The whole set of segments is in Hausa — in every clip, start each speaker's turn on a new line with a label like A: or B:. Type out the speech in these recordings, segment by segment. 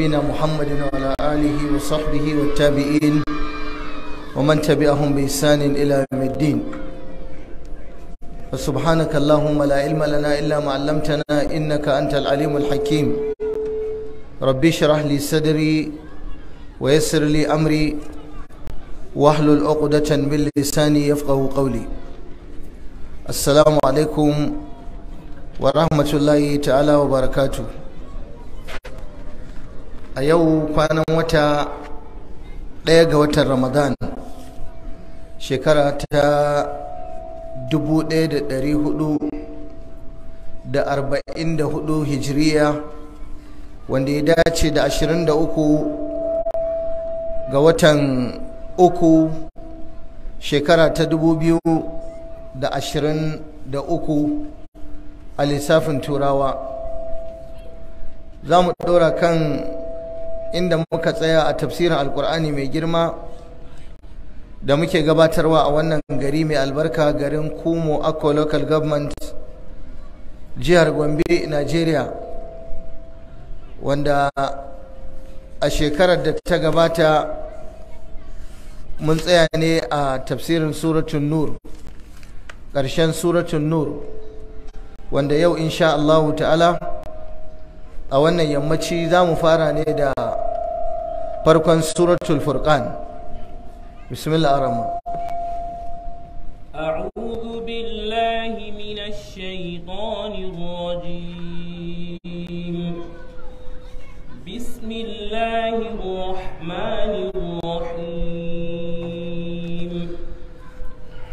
A: نبينا محمد وعلى آله وصحبه والتابعين ومن تبعهم بإحسان إلى يوم الدين فسبحانك اللهم لا علم لنا إلا ما علمتنا إنك أنت العليم الحكيم ربي اشرح لي صدري ويسر لي أمري واحلل عقدة من لساني يفقه قولي السلام عليكم ورحمة الله تعالى وبركاته a yau kwanan wata ɗaya ga watan ramadan shekara ta 1444 hijiriya wanda ya dace da 23 ga watan uku shekara ta 2023 a lissafin turawa za mu ɗora kan inda muka tsaya a tafsirin alkur'ani mai girma da muke gabatarwa a wannan gari mai albarka garin kumo akko local government jihar gombe nigeria wanda a shekarar da ta gabata mun tsaya ne a tafsirin suratun nur ƙarshen suratun nur wanda yau insha Allahu ta'ala a wannan yammaci za mu fara ne da farkon suratul furqan bismillah arama
B: a'udhu billahi minash shaitanir rajim bismillahir rahmanir rahim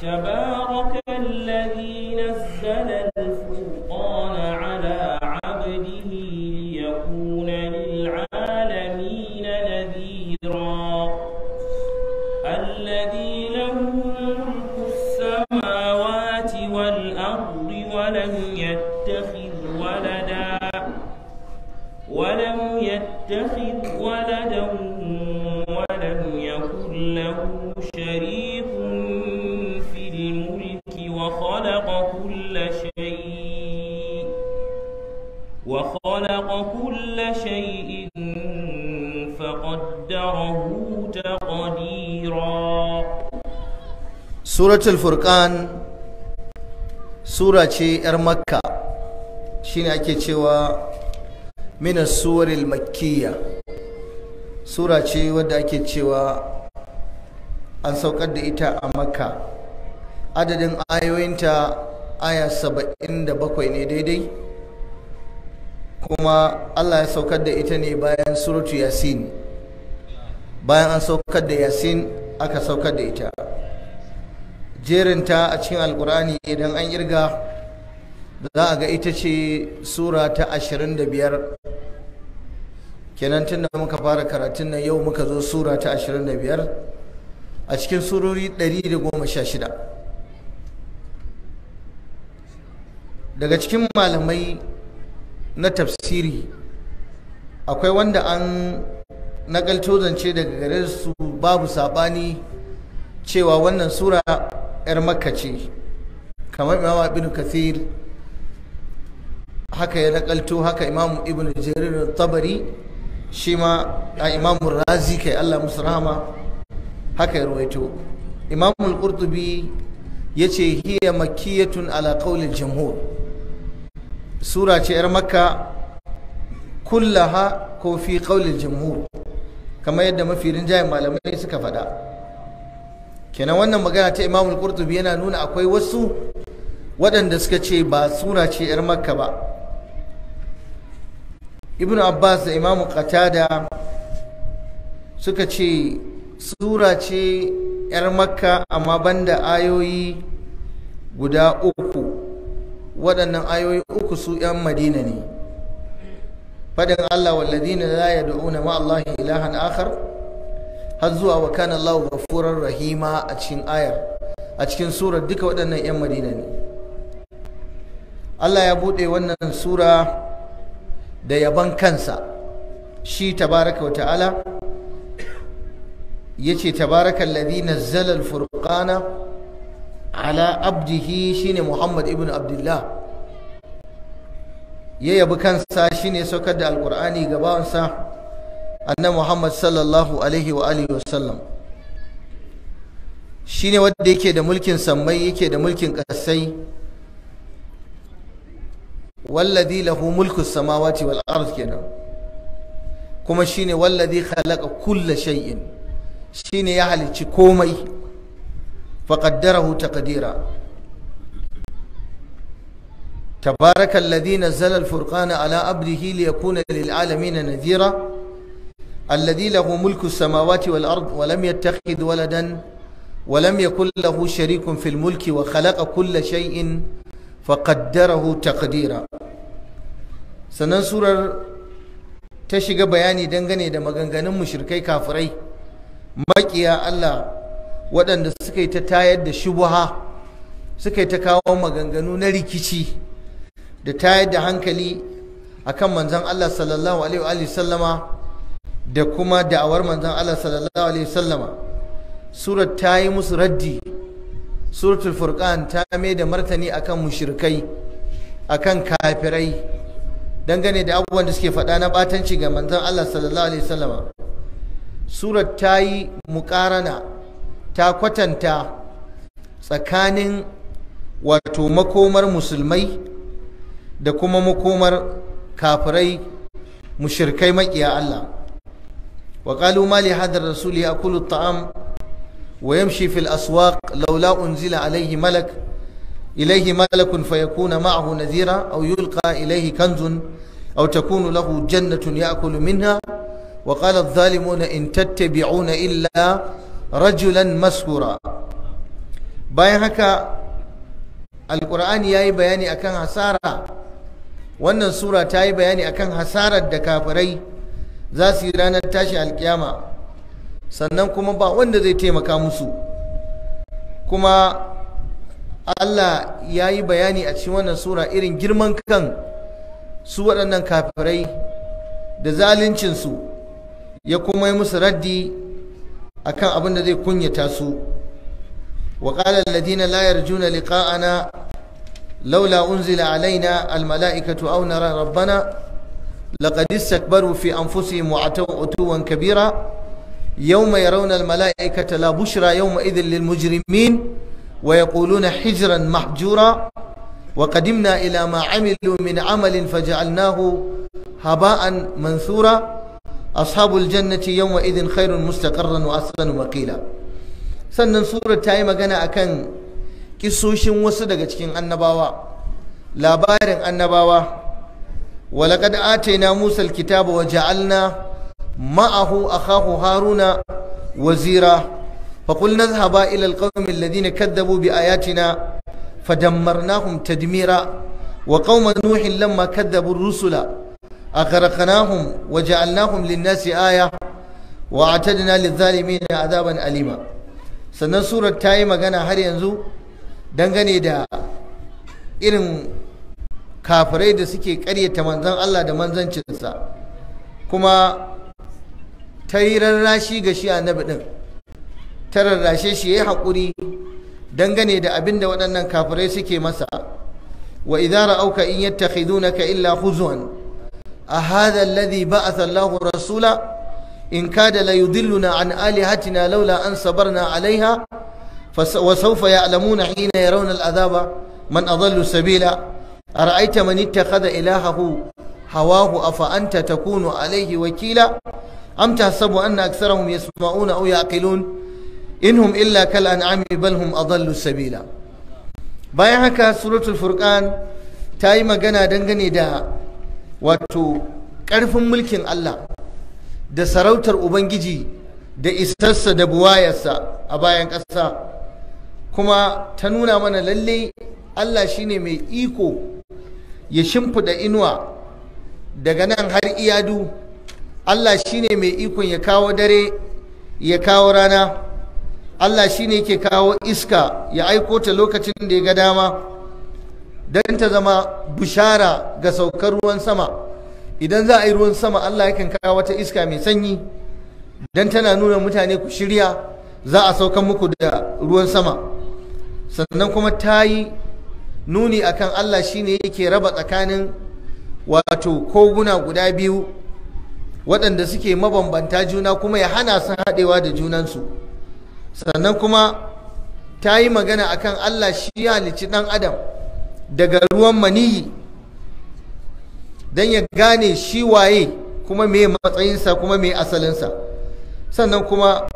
B: tabarakal ladhi nazzala
A: suratul furkan sura ce 'yar makka shine ake cewa minas suwaril makkiya sura ce wadda ake cewa an saukar da ita a makka adadin ayoyinta aya saba'in da bakwai ne daidai kuma allah ya saukar da ita ne bayan suratu yasin bayan an saukar da yasin aka saukar da ita jerinta a cikin alkur'ani idan an irga za a ga ita ce sura ta 25 kenan tun da muka fara karatun nan yau muka zo sura ta 25 a cikin surori 116 daga cikin malamai na tafsiri akwai wanda an nakalto zance daga gare su babu sabani cewa wannan sura 'yar makka ce kamar imam ibn kathir haka ya nakalto haka imam ibn jarir tabari shi ma a imam razi kai allah musu rahama haka ya rawaito imam al-qurtubi ya ce hiya makiyatun ala qawlil jamhur sura ce 'yar makka kullaha ko fi qawlil jamhur kamar yadda mafi rinjayen malamai suka faɗa kenan wannan magana ta imamul qurtubi yana nuna akwai wasu waɗanda suka ce ba sura ce 'yar makka ba ibnu abbas da imamu qatada suka ce sura ce 'yar makka amma banda ayoyi guda uku waɗannan ayoyi uku su 'yan madina ne faɗin allah walladina la yad'una ma allahi ilahan akhar har zuwa wa kana Allahu ghafurur rahima a cikin ayar a cikin surar duka waɗannan 'yan madina ne Allah ya buɗe wannan sura da yaban kansa shi tabaraka wa ta'ala ya ce ladhi nazzala zalal furqana ala abdihi shine Muhammad ibn Abdullah ya yabi kansa shine saukar da alkur'ani gabawansa annabi Muhammad sallallahu alaihi wa alihi wasallam shine wanda yake da mulkin sammai yake da mulkin kasai wallazi lahu mulku samawati wal ard kenan kuma shine wallazi khalaqa kulla shay'in shine ya halicci komai faqaddarahu taqdira تبارك الذي نزل الفرقان على عبده ليكون للعالمين نذيرا الذي له ملك السماوات والأرض ولم يتخذ ولدا ولم يكن له شريك في الملك وخلق كل شيء فقدره تقديرا sannan surar ta shiga bayani dangane da maganganun mushrikai kafirai makiya Allah waɗanda suka yi ta tayar da shubuha suka yi ta kawo maganganu na rikici da tayar da hankali akan manzon Allah sallallahu alaihi wa sallama da kuma da'awar manzon Allah sallallahu alaihi wasallama surar ta yi musu raddi suratul furqan ta mai da martani akan mushrikai akan kafirai dangane da abubuwan da suke faɗa na batanci ga manzon Allah sallallahu alaihi wasallama surar ta yi muƙarana ta kwatanta tsakanin wato makomar musulmai da kuma makomar kafirai mushirkai maƙiya Allah وقالوا ما لهذا الرسول يأكل الطعام ويمشي في الأسواق لولا أنزل عليه ملك إليه ملك فيكون معه نذيرا أو يلقى إليه كنز أو تكون له جنة يأكل منها وقال الظالمون إن تتبعون إلا رجلا مسكورا bayan haka alkur'ani ya yi bayani akan hasara wannan sura ta yi bayani akan hasarar da kafirai za su yi ranar tashi alkiyama sannan kuma ba wanda zai taimaka musu kuma Allah ya yi bayani a cikin wannan sura irin girman kan su waɗannan kafirai da zaluncinsu ya kuma yi musu raddi a kan abin da zai kunyata su wa ƙalar ladina layar juna liƙa'ana laula unzila alaina almala'ikatu auna rabbana لقد استكبروا في أنفسهم وعتوا عتوا كبيرا يوم يرون الملائكة لا بشرى يومئذ للمجرمين ويقولون حجرا محجورا وقدمنا إلى ما عملوا من عمل فجعلناه هباء منثورا أصحاب الجنة يومئذ خير مستقرا وأحسن مقيلا سنن سورة تايمة جنا أكن كسوشن وسدقت كين النباوة labarin annabawa ولقد آتينا موسى الكتاب وجعلنا معه أخاه هارون وزيرا فقلنا اذهبا إلى القوم الذين كذبوا بآياتنا فدمرناهم تدميرا وقوم نوح لما كذبوا الرسل أغرقناهم وجعلناهم للناس آية وأعتدنا للظالمين عذابا أليما sannan surar ta yi magana har yanzu dangane da irin kafirai da suke karyata manzan Allah da manzancinsa kuma ta yi rarrashi ga shi annabi ɗin ta rarrashe shi ya yi haƙuri dangane da abin da waɗannan kafirai suke masa wa idza ra'auka in ka illa huzwan a hadha Sallahu ba'atha Allahu rasula in kada la yudilluna an alihatina laula an sabarna alaiha wa sawfa ya'lamuna hina yarawna al'azaba man adallu sabila ara'aita man ittakhadha ilahahu hawahu afa anta takunu alayhi wakila am tahsabu anna aktharahum yasma'una aw yaqilun inhum illa kal an'ami bal hum adallu sabila bayan haka suratul furqan ta yi magana dangane da wato ƙarfin mulkin Allah da sarautar Ubangiji da isarsa da buwayarsa a bayan ƙasa kuma ta nuna mana lallai. Allah shi ne mai iko ya shimfida inuwa daga nan har iyadu Allah shi ne mai ikon ya kawo dare ya kawo rana Allah shi shine ke kawo iska ya aiko ta lokacin da ya ga dama don ta zama bushara ga saukar ruwan sama idan za a yi ruwan sama Allah ya kan kawo wata iska mai sanyi don tana nuna mutane ku shirya za a saukan muku da ruwan sama sannan kuma ta yi nuni akan Allah shine yake raba tsakanin wato koguna guda biyu waɗanda suke mabambanta juna kuma ya hana su haɗewa da junansu sannan kuma ta yi magana akan Allah shi ya halicci ɗan adam daga ruwan maniyi don ya gane shi waye kuma mai matsayinsa kuma me asalinsa sannan kuma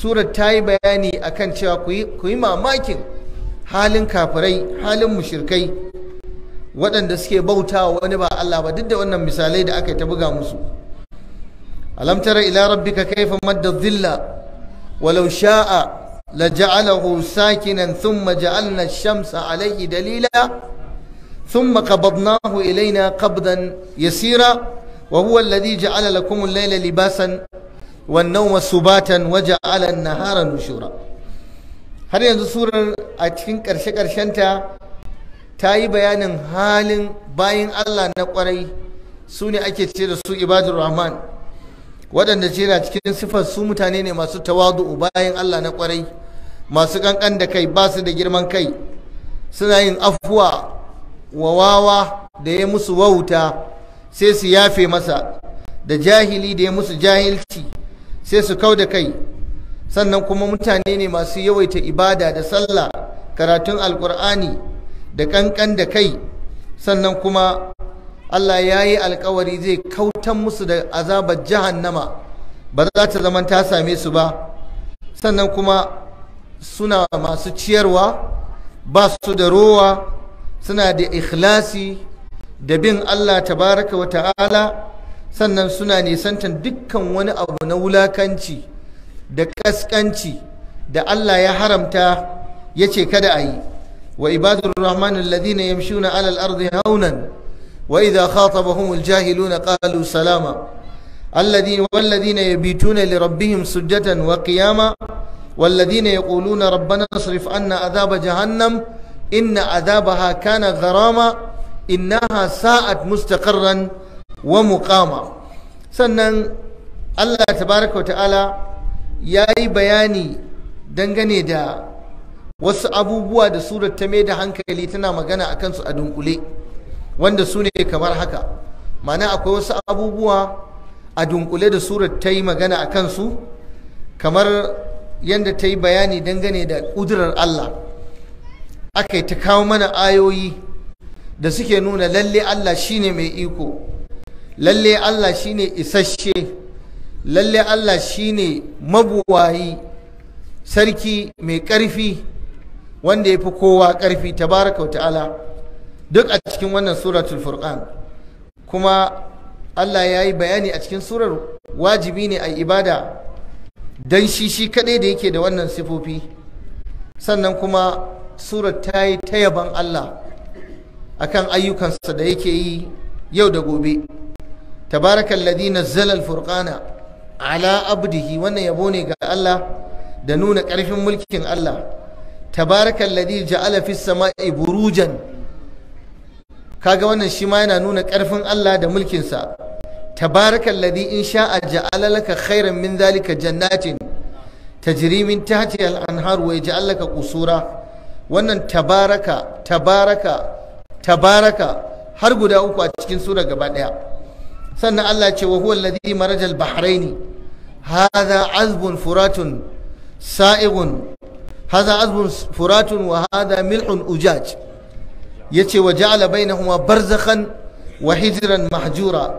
A: surat ta yi bayani akan cewa ku yi mamakin halin kafirai halin mushirkai waɗanda suke bautawa wa wani ba Allah ba duk da wannan misalai da aka yi ta buga musu alam tara ila rabbika kaifa madda dhilla walau sha'a la sakina sakinan thumma ja'alna ash-shamsa alayhi dalila thumma qabadnahu ilayna qabdan yasira wa huwa alladhi ja'ala lakum al-layla libasan wan-nawma subatan wa ja'ala an-nahara nushura har yanzu surar a cikin ƙarshe ta ta yi bayanin halin bayan Allah na ƙwarai su ne ake ce da su ibadur rahman waɗanda ce na cikin siffar su mutane ne masu tawadu'u bayan Allah na ƙwarai masu ƙanƙan da kai ba su da girman kai suna yin afuwa wa wawa da ya musu wauta sai su yafe masa da jahili da ya musu jahilci sai su kau da kai sannan kuma mutane ne masu yawaita ibada da sallah karatun alkur'ani da kankan da kai sannan kuma Allah ya yi alkawari zai kautan musu da azabar jahannama ba za ta zama ta same su ba sannan kuma suna masu ciyarwa ba su da rowa suna da ikhlasi da bin Allah tabaraka wa ta'ala sannan suna nisantar dukkan wani abu na wulakanci da kaskanci da Allah ya haramta ya ce kada a yi wa ibadur rahman alladhina yamshuna ala al-ardi haunan wa idha khatabahum al-jahiluna qalu salama alladhina walladhina yabituna li rabbihim sujjatan wa qiyama والذين يقولون ربنا اصرف عنا عذاب جهنم إن عذابها كان غراما إنها ساءت مستقرا ومقاما سنن الله تبارك وتعالى ya yi bayani dangane da wasu abubuwa da surar ta da hankali tana magana a kansu a dunkule wanda su ne kamar haka mana akwai wasu abubuwa a dunkule da surar ta yi magana a kansu kamar yadda ta yi bayani dangane da ƙudurar Allah aka yi ta kawo mana ayoyi da suke nuna lalle Allah shine mai iko lalle Allah shine isasshe lalle Allah shine mabuwayi sarki mai ƙarfi wanda ya fi kowa ƙarfi tabaraka ta'ala duk a cikin wannan suratul furqan kuma Allah ya yi bayani a cikin surar wajibi ne a ibada don shi shi kaɗai da yake da wannan sifofi sannan kuma surar ta yi ta yaban Allah akan ayyukansa da yake yi yau da gobe baraka Ladina zalal furqana ala abdihi wannan yabo ne ga Allah da nuna ƙarfin mulkin Allah tabarakal ladhi ja'ala fis sama'i burujan kaga wannan shi ma yana nuna ƙarfin Allah da mulkin sa tabaraka ladhi in sha'a ja'ala laka khairan min jannatin tajri min tahtiha al-anhar wa yaj'al laka qusura wannan tabaraka tabaraka tabaraka har guda uku a cikin sura gaba daya sannan Allah ce wa huwa alladhi marajal bahraini hadha azbun furatun sa'igun hadha azbun furatun wa hadha milhun ujaj yace wa ja'ala bainahuma barzakhan wa hijran mahjura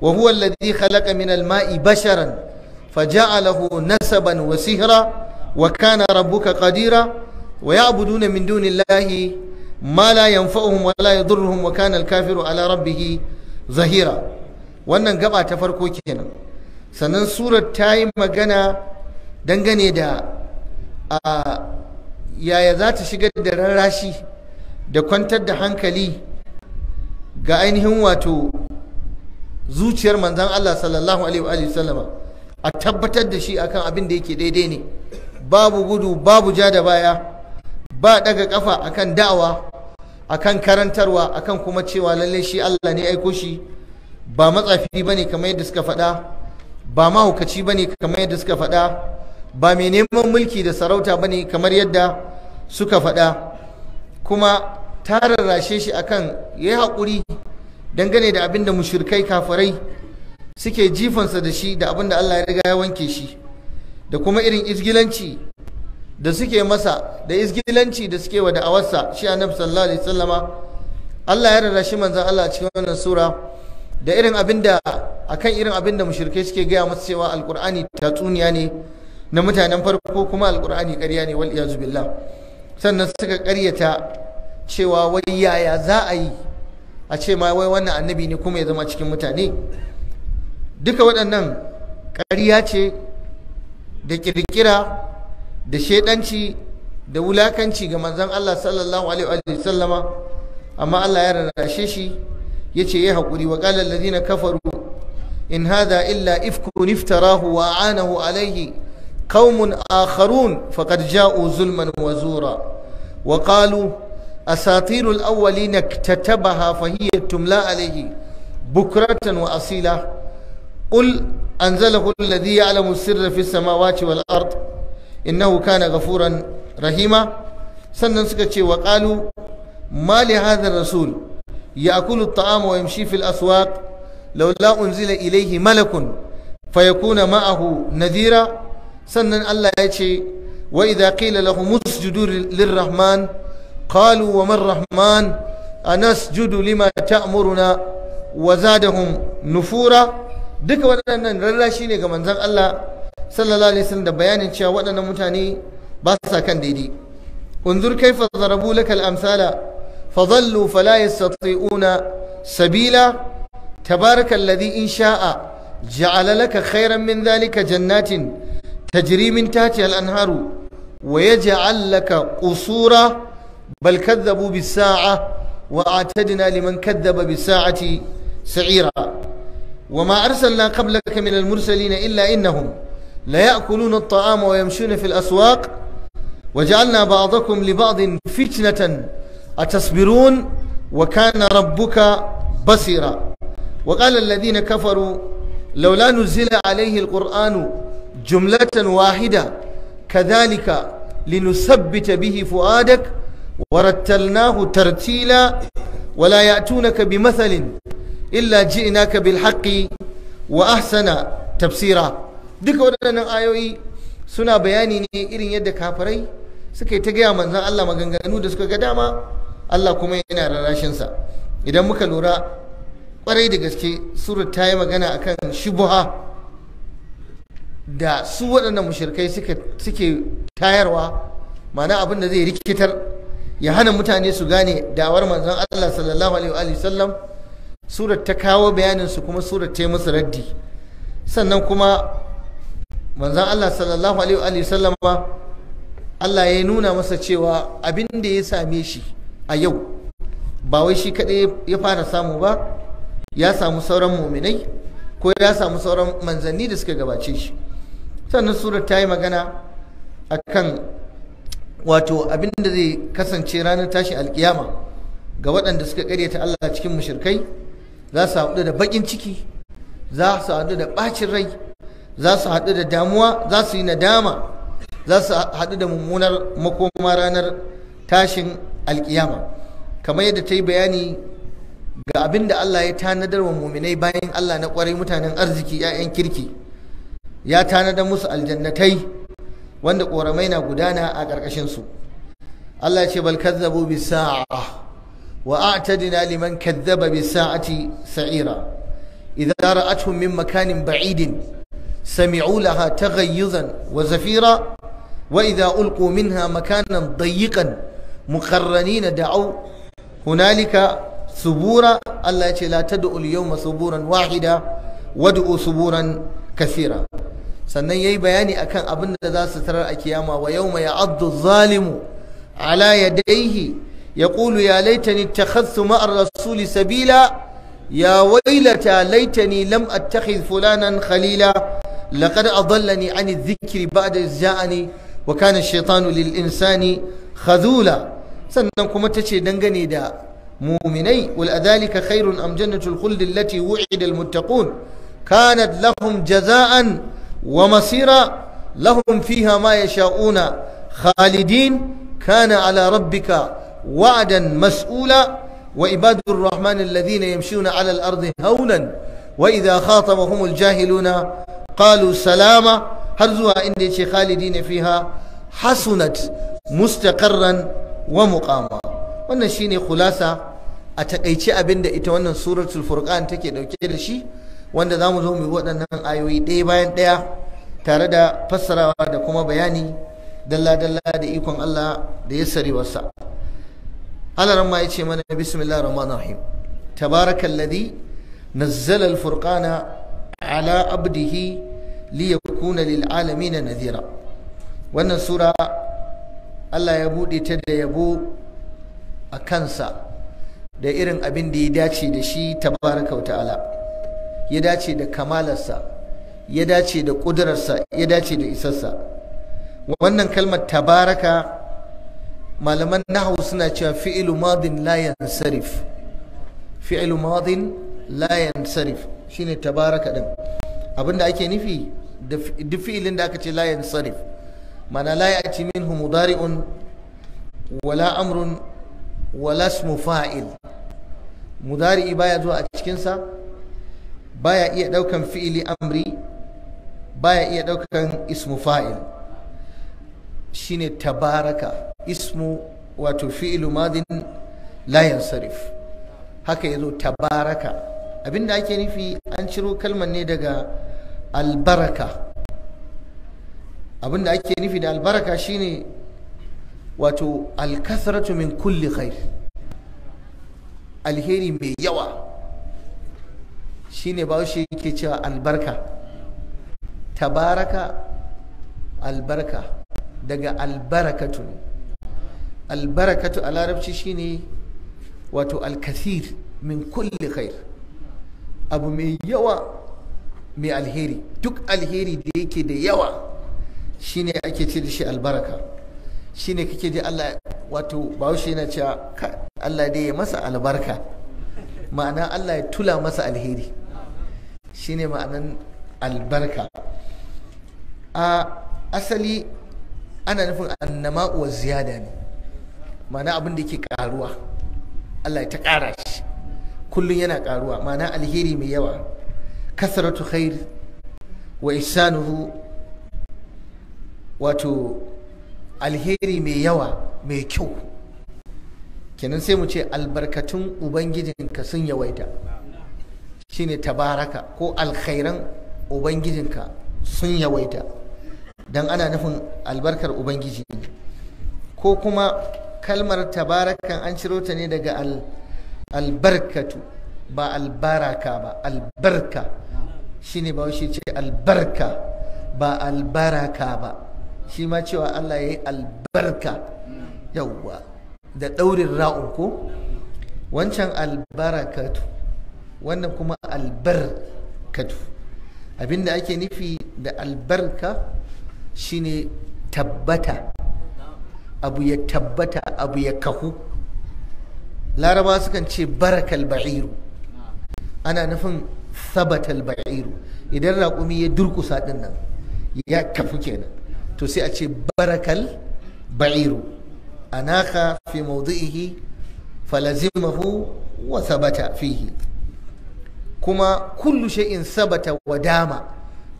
A: wa huwa alladhi khalaqa min al-ma'i basharan faja'alahu nasaban wa sihra wa kana rabbuka qadira wa ya'buduna min dunillahi ma la yanfa'uhum wa la yadhurruhum wa kana al-kafiru ala rabbihi zahira wannan gaba ta farko kenan sannan surar ta yi magana dangane da yaya za ta shigar da rarrashi da kwantar da hankali ga ainihin wato zuciyar manzan Allah sallallahu alaihi sallama a tabbatar da shi akan abin da yake daidai ne babu gudu babu ja da baya ba daga kafa akan da'awa akan karantarwa akan kuma cewa lallai shi Allah ne aiko shi ba matsafi ba ne kamar yadda suka faɗa ba mahaukaci ba ne kamar yadda suka faɗa ba mai neman mulki da sarauta ba ne kamar yadda suka faɗa kuma ta rarrashe shi akan ya yi haƙuri dangane da abin da mushirkai kafirai suke jifansa da shi da abin da Allah ya riga ya wanke shi da kuma irin izgilanci da suke masa da izgilanci da suke wa da'awarsa shi annabi sallallahu alaihi wasallama Allah ya rarrashi manzon Allah cikin wannan sura da irin abin akan irin abin da suke gaya masa cewa alqur'ani tatsuniya ne na mutanen farko kuma alqur'ani ƙarya ne wal iyazu billah sannan suka karyata cewa wai yaya za a yi a ce ma wai wannan annabi ne kuma ya zama cikin mutane duka waɗannan ƙarya ce da ƙirƙira da shaidanci da wulakanci ga manzon Allah sallallahu alaihi wa amma Allah ya rarrashe shi yace yayi hakuri wa qala alladhina kafaru in hadha illa ifkun iftarahu wa anahu alayhi qaumun akharun faqad ja'u zulman wa zura wa qalu asatiru al-awwalina iktatabaha fa hiya tumla alayhi bukratan wa asila qul anzalahu alladhi ya'lamu sirra fi samawati wal ard innahu kana ghafuran rahima sannan suka ce wa qalu ma li hadha rasul يأكل الطعام ويمشي في الأسواق لولا أنزل إليه ملك فيكون معه نذيرا سنن الله يتشي وإذا قيل له اسجدوا للرحمن قالوا وما الرحمن أنسجد لما تأمرنا وزادهم نفورا duka waɗannan rarrashi ne ga manzon Allah sallallahu alaihi wasallam da bayanin cewa waɗannan mutane ba sa kan daidai unzur kaifa zarabu lakal amsala فضلوا فلا يستطيعون سبيلا تبارك الذي إن شاء جعل لك خيرا من ذلك جنات تجري من تحتها الأنهار ويجعل لك قصورا بل كذبوا بالساعة وأعتدنا لمن كذب بالساعة سعيرا وما أرسلنا قبلك من المرسلين إلا إنهم ليأكلون الطعام ويمشون في الأسواق وجعلنا بعضكم لبعض فتنة أتصبرون وكان ربك بصيرا وقال الذين كفروا لولا نزل عليه القرآن جملة واحدة كذلك لنثبت به فؤادك ورتلناه ترتيلا ولا يأتونك بمثل إلا جئناك بالحق وأحسن تفسيرا duka waɗannan ayoyi suna bayani ne irin yadda kafirai suka yi ta gaya manzan Allah maganganu da suka ga dama Allah kuma yana rarrashinsa idan muka lura kwarai da gaske surat ta yi magana akan shubuha da su waɗannan mushirkai suke tayarwa mana abin da zai rikitar ya hana mutane su gane dawar manzon Allah sallallahu alaihi sallam surat ta kawo bayanin su kuma surat ta yi musu raddi sannan kuma manzon Allah sallallahu alaihi sallama Allah ya nuna masa cewa abin da ya same shi a yau ba wai shi kaɗai ya fara samu ba ya samu sauran muminai ko ya samu sauran manzanni da suka gabace shi sannan surar ta yi magana a kan wato abinda da zai kasance ranar tashin alkiyama ga waɗanda suka karyata Allah cikin mushirkai za su haɗu da baƙin ciki za su haɗu da ɓacin rai za su haɗu da damuwa za su yi nadama za su haɗu da mummunar makoma ranar tashin alkiyama kamar yadda ta yi bayani ga abin da Allah ya tanadar wa muminai bayan Allah na kwarai mutanen arziki 'ya'yan kirki ya tanadar musu aljannatai wanda ƙoramai na gudana a ƙarƙashinsu Allah ce bal kazzabu bi sa'a wa a'tadina liman kazzaba bi sa'ati sa'ira idza ra'atuhum min makanin ba'idin sami'u laha taghayyuzan wa zafira wa idza ulqu minha makanan dayyiqan mukarranina da'au hunalika subura Allah ya ce la tad'u al-yawma suburan wahida wad'u suburan kasira sannan yi bayani akan abin da za su tarar a kiyama wa yawma abdu zalimu ala ya daihi ya laitani ittakhadhtu ma'a ar-rasuli sabila ya wailata laitani lam attakhidh fulanan khalila a zallani 'ani adh-dhikri ba'da iz ja'ani wa kana ash lil-insani khazula sannan kuma ta ce dangane da muminai wal adhalika khairun am jannatul khuld allati wu'ida al lahum jaza'an wa masira lahum fiha ma yasha'una khalidin kana ala rabbika wa'dan mas'ula wa ibadur rahman alladhina yamshuna ala al ardi hawlan wa idha khatabahum al jahiluna salama har zuwa inda yace khalidina fiha hasunat mustaqarran wa muqama wannan shine khulasa a takaice abinda ita wannan suratul furqan take dauke da shi wanda zamu zo mu waɗannan ayoyi ɗaya bayan ɗaya tare da fassarawa da kuma bayani dalla dalla da ikon Allah da ya sari wasa Allah ma yace mana bismillahir rahmanir rahim tabarakalladhi nazzala al-furqana ala abdihi liyakuna lil alamin nadhira wannan sura Allah ya buɗe ta da yabo a kansa da irin abin da ya dace da shi tabaraka ta'ala ya dace da kamalarsa ya dace da ƙudurarsa ya dace da isarsa wannan kalmar tabaraka malaman nahu suna cewa fi'ilu madin la yansarif fi'ilu madin la yansarif shine tabaraka din abinda ake nufi da fi'ilin da aka ce la yansarif mana la min minhu mudari'un wala amrun wala ismu fa'il mudari'i ya zuwa a cikinsa ba ya iya daukan fi'ili amri ba ya iya daukan ismu fa'il shine tabaraka ismu wato fi'ilu madin la yansarif haka ya zo tabaraka abinda ake nufi an ciro kalmar ne daga albaraka abin da ake nufi da albaraka shine wato alkasratu min kulli khair alheri mai yawa shine ba shi yake cewa albarka tabaraka albarka daga albarakatu albarakatu a larabci shine wato alkasir min kulli khair abu mai yawa mai alheri duk alheri da yake da yawa shine ake ce da shi albaraka shine kake ji Allah wato bahaushe yana cewa Allah dai ya masa albarka ma'ana Allah ya tula masa alheri shi ne ma'anan albarka a asali ana nufin annama wa ziyada ne ma'ana abin da ke karuwa Allah ya ta kara shi kullum yana karuwa ma'ana alheri mai yawa kasratu khair wa isanuhu wato alheri mai yawa mai kyau kenan sai mu ce albarkatun ubangijinka sun yawaita shine tabaraka ko alkhairan ubangijinka sun yawaita don ana nufin albarkar ubangiji ko kuma kalmar tabarakan an ciro ta ne daga albarkatu ba albaraka ba albarka shine ba shi ce albarka ba albaraka ba shi ma cewa Allah ya yi albarka yawwa da ɗaurin ra'un ko wancan albarakatu wannan kuma albarkatu abinda ake nufi da albarka shine tabbata abu ya tabbata abu ya kahu laraba sukan ce barakal ba'iru ana nufin sabatal ba'iru idan raƙumi ya durkusa ɗin nan ya kafu kenan to sai a ce barakal ba'iru anaka fi mawdi'ihi falazimahu wa sabata fihi kuma kullu shay'in sabata wa dama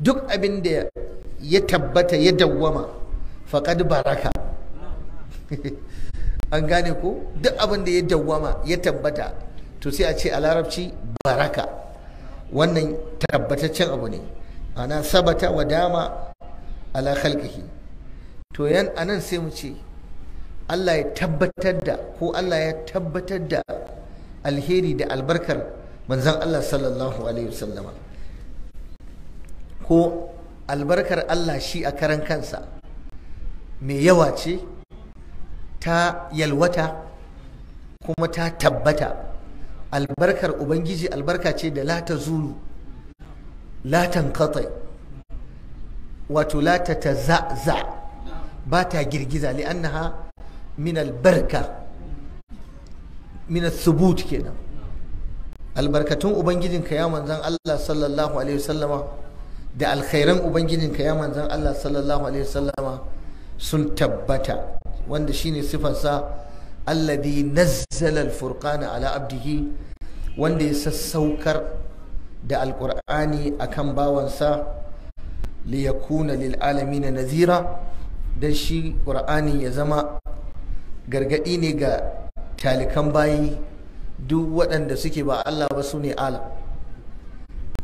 A: duk abin da ya tabbata ya dawwama faqad baraka an gane ko duk abin da ya dawwama ya tabbata to sai a ce a larabci baraka wannan tabbataccen abu ne ana sabata wa dama ala khalqihi to yan anan sai mu ce Allah ya tabbatar da ko Allah ya tabbatar da alheri da albarkar manzon Allah sallallahu alaihi wasallama ko albarkar Allah shi a karan kansa mai yawa ce ta yalwata kuma ta tabbata albarkar ubangiji albarka ce da ta zulu latan tanqati wato la ta za' ba ta girgiza li'annaha min albarka min thubut kenan albarkatun ubangijinka ya manzan Allah sallallahu alaihi wasallama da alkhairan ubangijinka ya manzan Allah sallallahu alaihi wasallama sun tabbata wanda shine sifansa alladhi nazzala alfurqana ala abdihi wanda ya sassaukar da alqur'ani akan bawansa Liyakuna yakuna lil nazira dan shi qur'anin ya zama gargaɗi ne ga talikan bayi duk waɗanda suke ba Allah ba su ne ala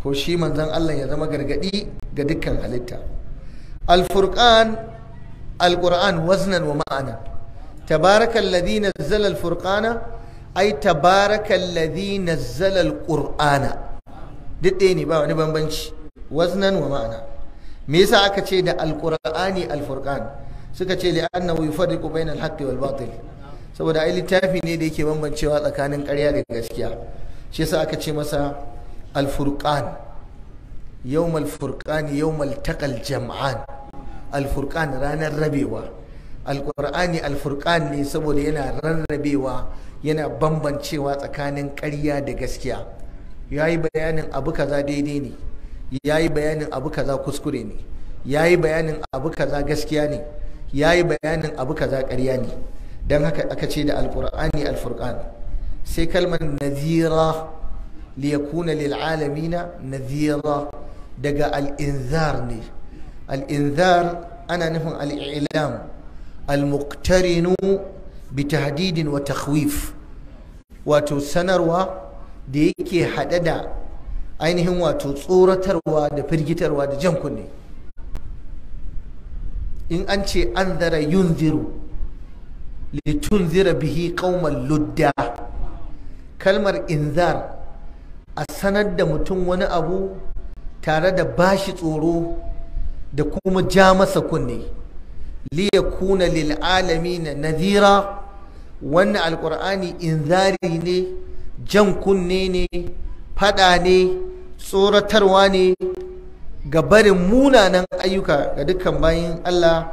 A: ko shi manzon Allah ya zama gargaɗi ga dukkan halitta al-furqan waznan wa ma'ana tabarakal ladhi nazzala al ai tabarakal ladhi nazzala al duk ɗaya ne ba wani bambanci waznan wa ma'ana me yasa aka ce da alqur'ani alfurqan suka ce li annahu yufarriqu bainal haqqi wal batil saboda ai littafi ne da yake bambancewa tsakanin ƙarya da gaskiya shi yasa aka ce masa alfurqan yawmal furqan yawmal taqal jam'an alfurqan ranar rabewa alqur'ani alfurqan ne saboda yana rarrabewa yana bambancewa tsakanin ƙarya da gaskiya yayi bayanin abu kaza daidai ne ya yi bayanin abu kaza kuskure ne ya yi bayanin abu kaza gaskiya ne ya yi bayanin abu kaza karya ne don haka aka ce da alƙur'ani alfurqan sai kalmar nazira liyakuna lil'alamina nazira daga al'inzar ne al'inzar ana nufin al'ilam al-muqtarinu bi tahdidin wa takhwif wato sanarwa da yake haɗe da ainihin wato tsoratarwa da firgitarwa da jan kunne in an ce an zara yunziru zira bihi qauman ludda kalmar inzar a sanar da mutum wani abu tare da bashi tsoro da kuma ja masa kunne liyakuna na nazira. wannan alkur'ani inzari ne jan kunne ne Faɗa ne tsoratarwa ne ga barin munanan ayyuka ga dukkan bayin Allah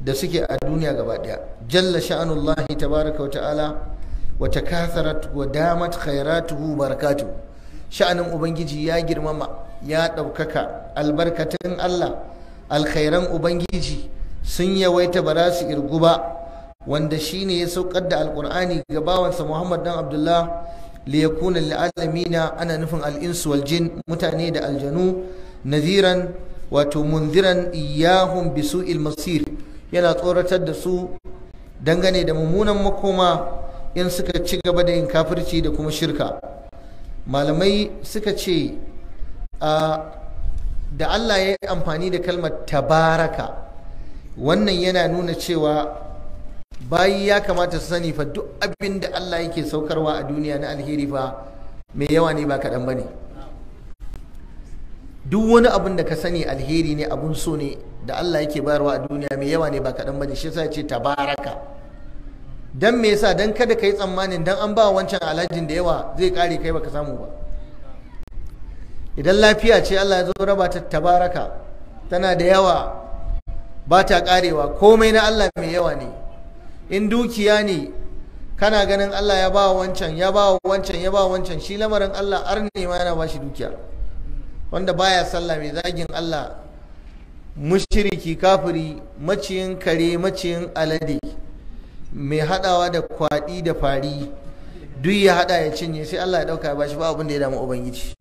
A: da suke a duniya gaba daya jalla sha'anullahi tabaraka wa ta'ala wa takatharat wa damat khairatuhu barakatuhu sha'anin ubangiji ya girmama ya ɗaukaka albarkatun Allah alkhairan ubangiji sun yawaita ba su irgu ba wanda shine ya saukar da alkur'ani ga bawansa Muhammad dan Abdullah liyakuna La'alamina ana nufin al'insu waljin mutane da aljanu naziran wato munziran iyahum bisu ilmasir yana tsoratar da su dangane da mummunan makoma in suka ci gaba da yin kafirci da kuma shirka malamai suka ce da Allah ya yi amfani da kalmar tabaraka wannan yana nuna cewa bayi ya kamata su sani fa duk abin da Allah yake saukarwa a duniya na alheri fa mai yawa ne ba kaɗan ba ne duk wani abin da ka sani alheri ne abun so ne da Allah yake bayarwa a duniya mai yawa ne ba kaɗan ba ne shi ya ce tabaraka dan me yasa dan kada ka yi tsammanin dan an ba wancan alhajin da yawa zai kare kai baka samu ba idan lafiya ce Allah ya zo raba ta tabaraka tana da yawa ba ta karewa komai na Allah mai yawa ne in dukiya ne kana ganin Allah ya ba wancan ya ba wancan ya ba wancan shi lamarin Allah ar ne ma yana ba shi dukiya wanda baya sallah mai zagin Allah mushriki kafiri maciyin kare maciyin alade mai hadawa da kwadi da fari duk ya hada ya cinye sai Allah ya dauka ya bashi ba abin da ya damu ubangiji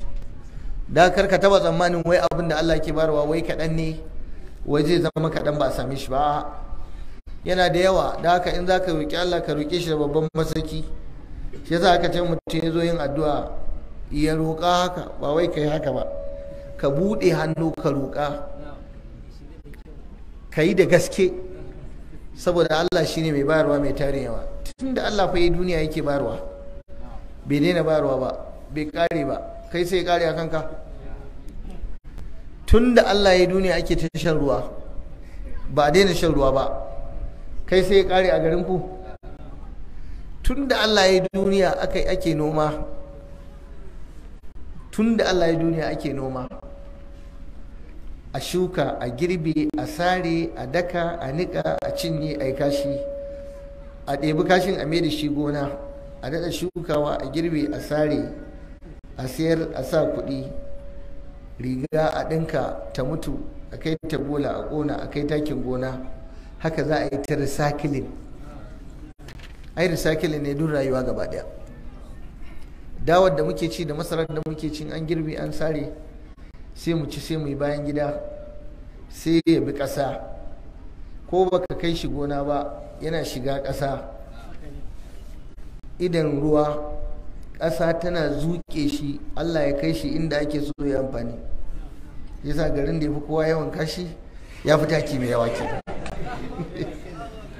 A: da kar ka taba tsammanin wai abin da Allah ke barwa wai kadan ne wai zai zama kadan ba a same shi ba yana da yawa da haka in zaka roki Allah ka roke shi da babban masaki shi yasa aka ce mutum ya zo yin addu'a ya roka haka ba wai kai haka ba ka bude hannu ka roka ka yi da gaske saboda Allah shine mai bayarwa mai tarin yawa tun da Allah fa yi duniya yake bayarwa bai daina bayarwa ba bai kare ba kai sai kare a kanka da Allah ya yi duniya ake ta shan ruwa ba a daina shan ruwa ba kai sai ya kare a garin ku tun da Allah ya duniya aka ake noma tun da Allah ya duniya ake noma a shuka a girbe a sare a daka a niƙa a cinye a kashi a ɗebi kashin a mai da shi gona a daɗa shukawa a girbe a sare a sayar a sa kuɗi riga a ɗinka ta mutu a kai ta bola a ƙona a kai takin gona haka za a yi ta recycling ai recycling ne duk rayuwa gaba daya dawar da muke ci da masarar da muke cin an girbi an sare sai mu ci sai mu yi bayan gida sai ya bi kasa. ko baka kai shi gona ba yana shiga ƙasa idan ruwa ƙasa tana zuƙe shi allah ya kai shi inda ake so ya amfani yasa garin da ya fi kowa yawan kashi ya fi taki mai yawa kenan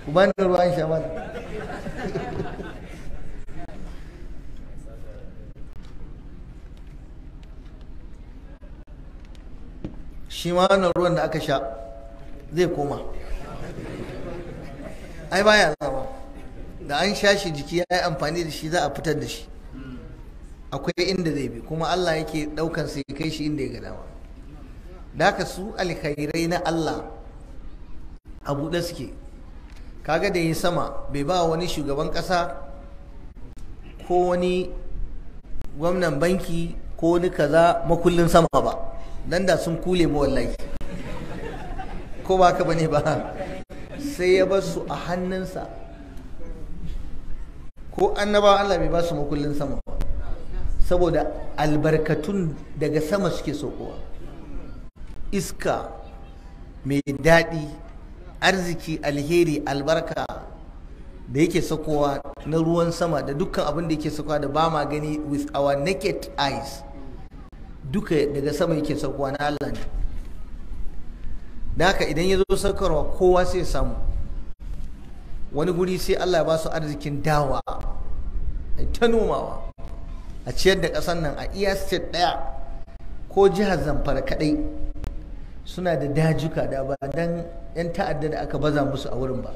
A: ku bani ruwa in sha mana shi ma wannan ruwan da aka sha zai koma ai baya zama da an sha shi jiki ya yi amfani da shi za a fitar da shi akwai inda zai bi kuma Allah yake daukan sai kai shi inda ya ga dama da haka su alkhairai na Allah a buɗe suke kaga da yi sama bai ba wani shugaban kasa ko wani gwamnan banki ko wani kaza makullin sama ba dan da sun kule mu wallahi ko ba ka bane ba sai ya bar su a hannunsa ko annaba Allah bai ba su makullin sama ba saboda albarkatun daga sama suke sokowa iska mai daɗi arziki alheri albarka da yake sakowa na ruwan sama da dukkan abin da yake sakowa da ba ma gani with our naked eyes duka daga sama yake sakowa na Allah ne da haka idan ya zo saukarwa kowa sai samu wani guri sai Allah ya ba su arzikin dawa a ta nomawa a ciyar da ƙasar nan a iya state ɗaya ko jihar zamfara kaɗai suna da dajuka da ba dan yan ta'adda da aka baza musu a wurin ba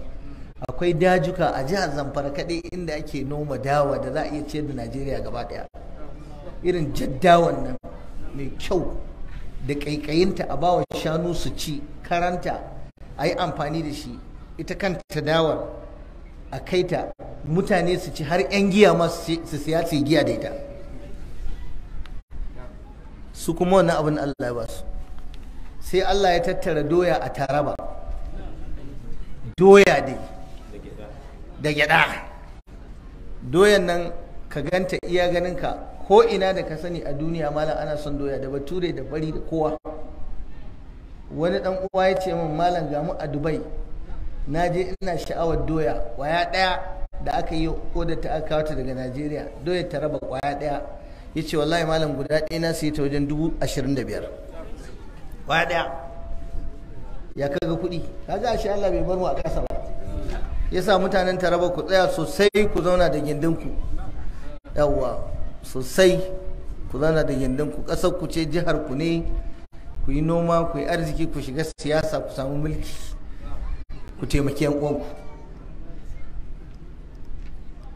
A: akwai dajuka a jihar zamfara kadai inda ake noma dawa da za a iya ciyar da najeriya gaba daya irin jaddawan nan mai kyau da kaikayinta a bawa shanu su ci karanta a yi amfani da shi ita kanta dawar a kai ta mutane su ci har 'yan giya ma su siya su giya da ita su kuma wani abin allah ya ba sai Allah ya tattara doya a taraba doya dai da gyada doyan nan ka ganta iya ganinka ko ina da ka sani a duniya malam ana son doya da bature da fari da kowa wani dan uwa ya ce min malam gamu a dubai na je ina sha'awar doya kwaya daya da aka yi odar ta aka wata daga najeriya doya ta raba kwaya daya ya ce wallahi malam guda ɗaya na sai ta wajen dubu ashirin da biyar kwaya daya ya kaga kuɗi ji ashi Allah bai bar mu a ƙasa ba yasa mutanen taraba ku tsaya sosai ku zauna da gindinku yawwa sosai ku zauna da gindinku ƙasar ku ce jihar ku ne ku yi noma ku yi arziki ku shiga siyasa ku samu mulki ku taimaki yan uwanku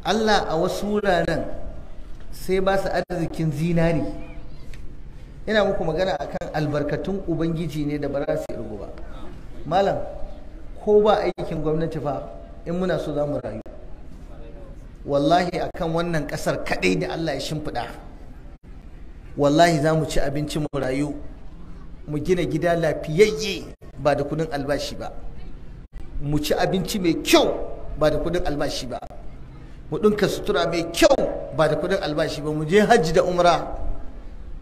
A: Allah a wasu wuraren sai ba su arzikin zinari ina muku magana akan albarkatun ubangiji ne da ba za su irgu ba malam ko ba aikin gwamnati fa in muna so za mu rayu wallahi akan wannan kasar kadai da Allah ya shimfiɗa wallahi za mu ci abinci mu rayu mu gina gida lafiyayye ba da kudin albashi ba mu ci abinci mai kyau ba da kudin albashi ba mu ɗinka sutura mai kyau ba da kudin albashi ba mu je hajji da umra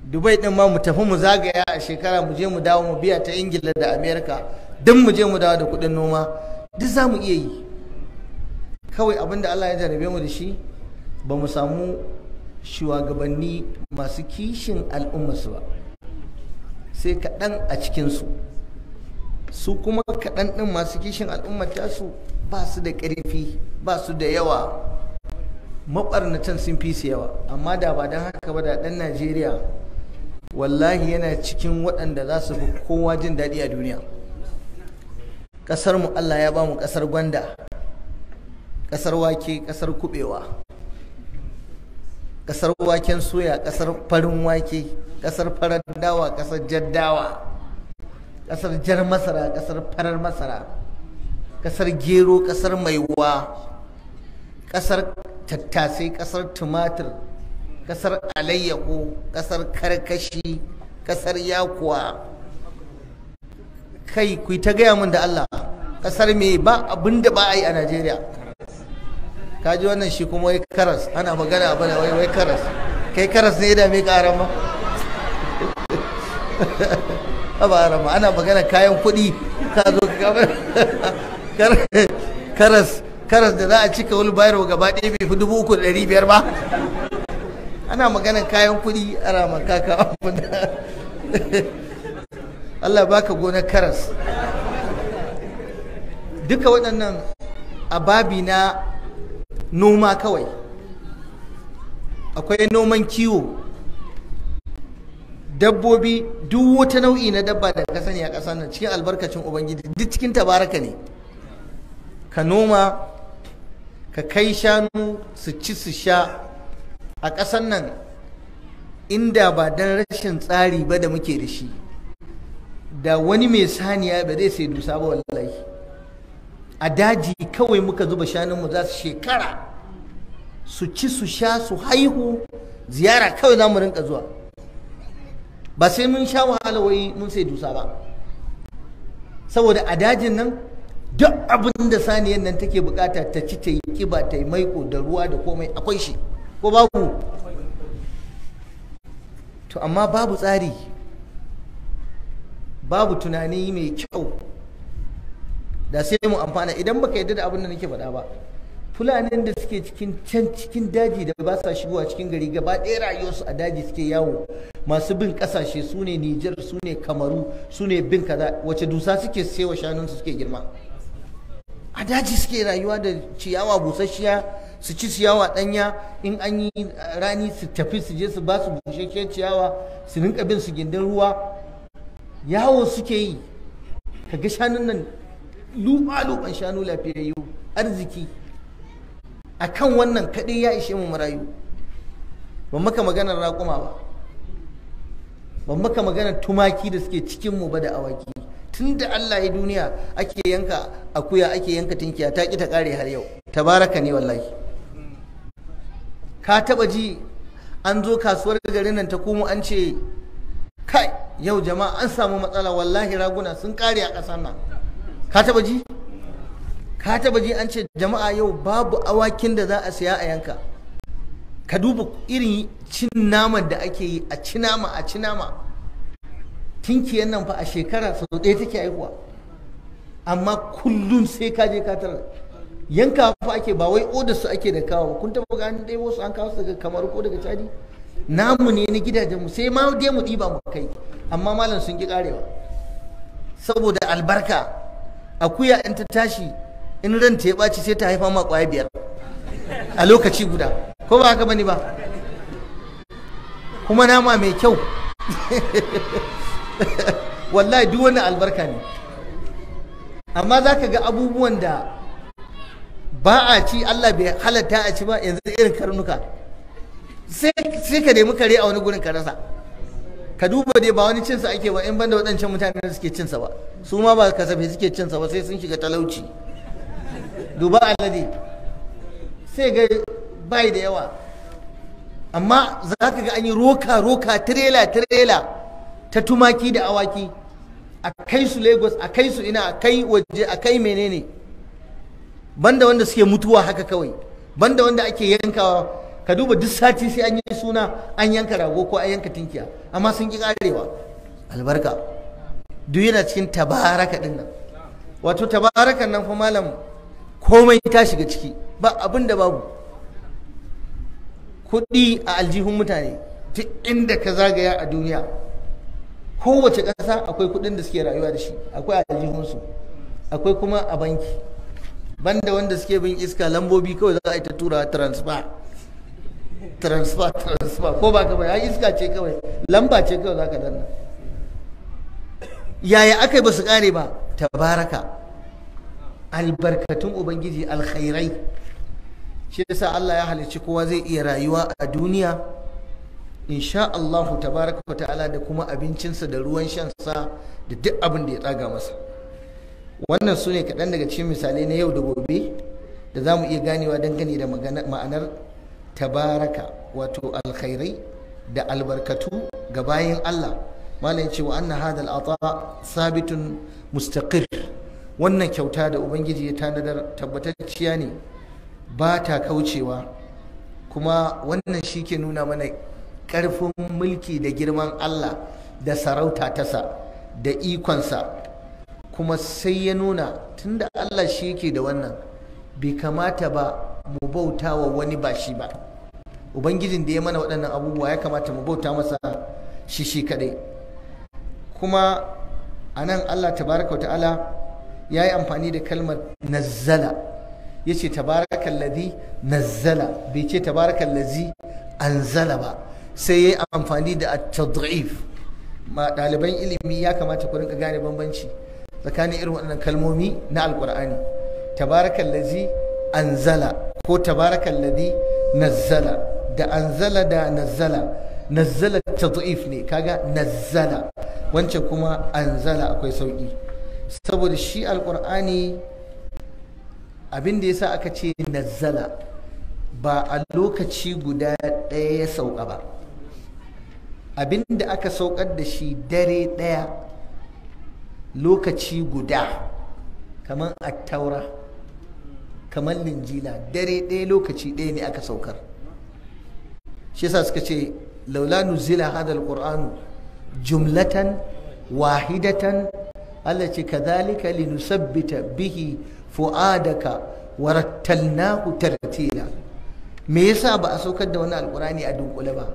A: dubai din ma mu tafi mu zagaya a shekara mu je mu dawo mu biya ta ingila da Amerika duk mu je mu dawo da kudin noma duk za mu iya yi kawai abin da allah ya jarabe mu da shi ba mu samu shugabanni masu kishin al'ummarsu ba sai kaɗan a cikinsu su kuma kaɗan ɗin masu kishin al'ummar tasu ba su da ƙarfi ba su da yawa maɓarnatan sun fi su yawa amma da ba don haka ba da ɗan najeriya wallahi yana cikin waɗanda za su fi kowa jin daɗi a duniya Ƙasarmu Allah ya ba mu ƙasar gwanda ƙasar wake ƙasar kuɓewa ƙasar waken soya ƙasar farin wake ƙasar farar dawa ƙasar jaddawa ƙasar jar masara ƙasar farar masara ƙasar gero ƙasar maiwa ƙasar tattasai ƙasar tumatir kasar alayyahu kasar karkashi kasar yakuwa kai ku ta gaya min da Allah kasar me ba abin da ba a yi a Najeriya ka ji wannan shi kuma wai karas ana magana ba da wai karas kai karas ne da me karan ba ba ana magana kayan kuɗi ka zo ka karas karas da za a cika wani bayarwa gaba ɗaya bai fi dubu uku da ɗari biyar ba ana maganar kayan kudi a kuɗi ka makaka Allah baka gonar karas duka waɗannan ababi na noma kawai akwai noman kiwo dabbobi duk wata nau'i na dabba da ka sani a ƙasar nan cikin albarkacin ubangiji duk cikin tabaraka ne ka noma ka kai shanu su ci su sha a ƙasan nan inda ba don rashin tsari ba da muke da shi da wani mai saniya ba zai sai dusa ba wallahi a daji kawai muka zuba shanunmu za su shekara su ci su sha su haihu ziyara kawai za mu rinka zuwa ba sai mun sha wahala wai mun sai dusa ba saboda a dajin nan duk abin da saniyan nan take bukata ta ci ta yi kiba ta yi maiko da ruwa da komai akwai shi ko babu to amma babu tsari babu tunani mai kyau da sai mu amfana idan baka yadda da abin da nake faɗa ba fulanin da suke cikin can cikin daji da ba sa shigowa cikin gari gaba ɗaya rayuwarsu a daji suke yawo masu bin ƙasashe su ne nijar su ne kamaru su ne bin kaza wace dusa suke sewa shanunsu suke girma a daji suke rayuwa da ciyawa busasshiya su ci ciyawa ɗanya in an yi rani su tafi su je su ba su bushasshiyar ciyawa su rinka bin su gindin ruwa yawo suke yi ka ga shanun nan luɓa-luɓan shanu lafiyayyu arziki a kan wannan kaɗai ya ishe mu marayu ban maka maganar raƙuma ba ban maka maganar tumaki da suke cikin mu ba da awaki tun da Allah ya duniya ake yanka akuya ake yanka tinkiya ta ƙi ta ƙare har yau tabaraka ne wallahi ka taba ji an zo kasuwar garin nan ta kuma an ce kai yau jama'a an samu matsala wallahi raguna sun kare a ƙasar nan ka taba ji ka taba ji an ce jama'a yau babu awakin da za a siya a yanka ka duba irin cin naman da ake yi a ci nama a ci nama tinkiyan nan fa a shekara sau ɗaya take haihuwa amma kullum sai ka je ka tarar yanka fa ake ba wai odar su ake da kawo kun taba ga an wasu su an kawo su daga kamar ko daga cadi namu ne na gidajen mu sai ma dai mu ɗiba mu kai amma malam sun ki karewa saboda albarka akuya in ta tashi in ran ta ya ɓaci sai ta haifa ma ƙwaya biyar a lokaci guda ko ba haka bane ba kuma nama mai kyau wallahi duk wani albarka ne amma za ka ga abubuwan da ba a ci Allah bai halatta a ci ba yanzu irin karnuka sai ka nemi kare a wani gurin ka rasa ka duba dai ba wani cinsa ake ba in banda waɗancan mutane da suke cinsa ba su ma ba kasafai suke cinsa ba sai sun shiga talauci duba alade sai ga bai da yawa amma za ka ga an yi roka roka tirela tirela ta tumaki da awaki a kai su lagos a kai su ina a kai waje a kai menene banda wanda suke mutuwa haka kawai banda wanda ake yankawa ka duba duk sati sai an yi suna an yanka rago ko an yanka tinkiya amma sun ki karewa albarka duk yana cikin tabaraka din nan wato tabarakan nan fa malam komai ta shiga ciki ba abin da babu kuɗi a aljihun mutane duk inda ka zagaya a duniya kowace ƙasa akwai kuɗin da suke rayuwa da shi akwai aljihunsu akwai kuma a banki banda wanda suke bin iska lambobi kawai za a yi ta tura transfer transfer transfer ko ba ka bayan iska ce kawai lamba ce kawai za ka danna yaya aka yi ba su kare ba tabaraka albarkatun ubangiji alkhairai shi yasa Allah ya halicci kowa zai iya rayuwa a duniya insha Allah tabaraka wa ta'ala da kuma abincinsa da ruwan shansa da duk abin da ya tsaga masa wannan su ne kaɗan daga cikin misalai na yau da gobe da za mu iya ganewa dangane da ma'anar tabaraka wato alkhairai da albarkatu ga bayan Allah malam cewa wa anna hadal ata sabitun mustaqir wannan kyauta da ubangiji ya tanadar tabbatacciya ne ba ta kaucewa kuma wannan shi ke nuna mana ƙarfin mulki da girman Allah da sarauta tasa da ikonsa kuma sai ya nuna tunda Allah shi yake da wannan bai kamata ba mu bauta wa wani ba shi ba ubangijin da ya mana waɗannan abubuwa ya kamata mu bauta masa shi shi kaɗai kuma a nan Allah tabaraka ta'ala ya yi amfani da kalmar nazzala ya ce tabarakan lazi nazzala bai ce tabarakan lazi anzala ba sai ya yi amfani da at-tad'if ɗaliban ilimi ya kamata ku rinka gane bambanci tsakanin irin waɗannan kalmomi na alkur'ani tabarakal lazi anzala ko tabarakan lazi nazzala da anzala da nazzala ta tad'if ne kaga nazzala wancan kuma anzala akwai sauƙi, saboda shi alƙur'ani abinda da yasa aka ce nazzala ba a lokaci guda ɗaya ya sauka ba abinda aka saukar da shi dare ɗaya lokaci guda kamar attaura kamar linjila dare ɗaya lokaci ɗaya ne aka saukar shi yasa suka ce laula nuzila hadal qur'anu jumlatan wahidatan Allah ce kadhalika linusabbita bihi fu'adaka warattalnahu tartila me yasa ba a saukar da wani alqur'ani a dunkule ba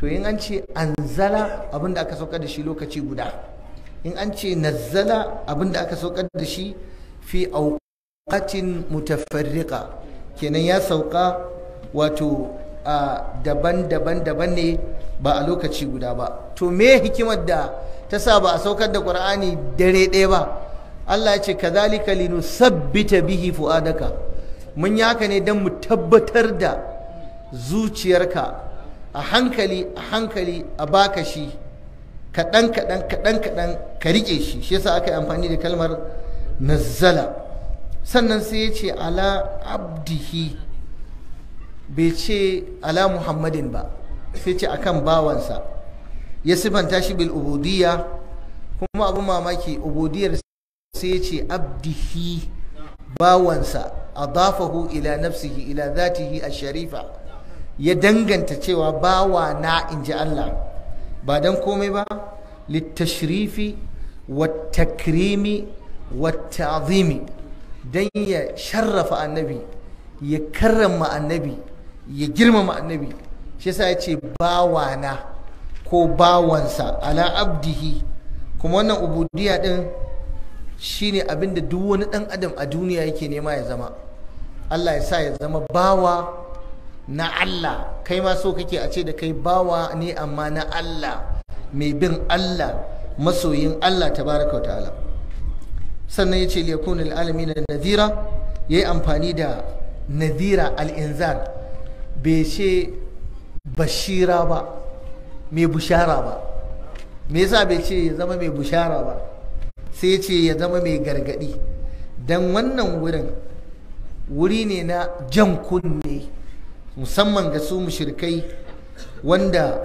A: to in an ce anzala abinda aka saukar da shi lokaci guda in an ce nazzala abinda aka saukar da shi fi mu mutafarriqa kenan ya sauka wato a daban-daban daban ne ba a lokaci guda ba to me hikimar da ta sa ba a saukar da qur'ani dare ɗaya ba Allah ya ce kazalika linu sabbita bihi fuadaka mun yi haka ne don mu tabbatar da zuciyarka a hankali a hankali a baka shi kaɗan kaɗan kaɗan kaɗan ka riƙe shi shi yasa aka yi amfani da kalmar nazzala sannan sai ya ce ala abdihi bai ce ala muhammadin ba sai ce akan bawansa ya sifanta shi bil ubudiyya kuma abu mamaki ubudiyar sai ya ce abdihi bawansa a adafahu ila nafsihi ila zatihi a sharifa ya danganta cewa bawa na in ji Allah ba don komai ba littashrifi wa takrimi wa ta'zimi don ya sharrafa annabi ya karrama annabi ya girmama annabi shi yasa ya ce bawana ko bawansa ala abdihi kuma wannan ubudiya din shine abinda duk wani dan adam a duniya yake nema ya zama Allah ya sa ya zama bawa na Allah kai ma so kake a ce da kai bawa ne amma na Allah mai bin Allah masoyin Allah tabaraka wa ta'ala sannan yace li yakuna lil Nazira ya yayi amfani da Nazira al'inzar inzar bai ce bashira ba mai bushara ba me yasa bai ce ya zama mai bushara ba sai ce ya zama mai gargadi dan wannan wurin wuri ne na jan kunne musamman ga su mushirkai wanda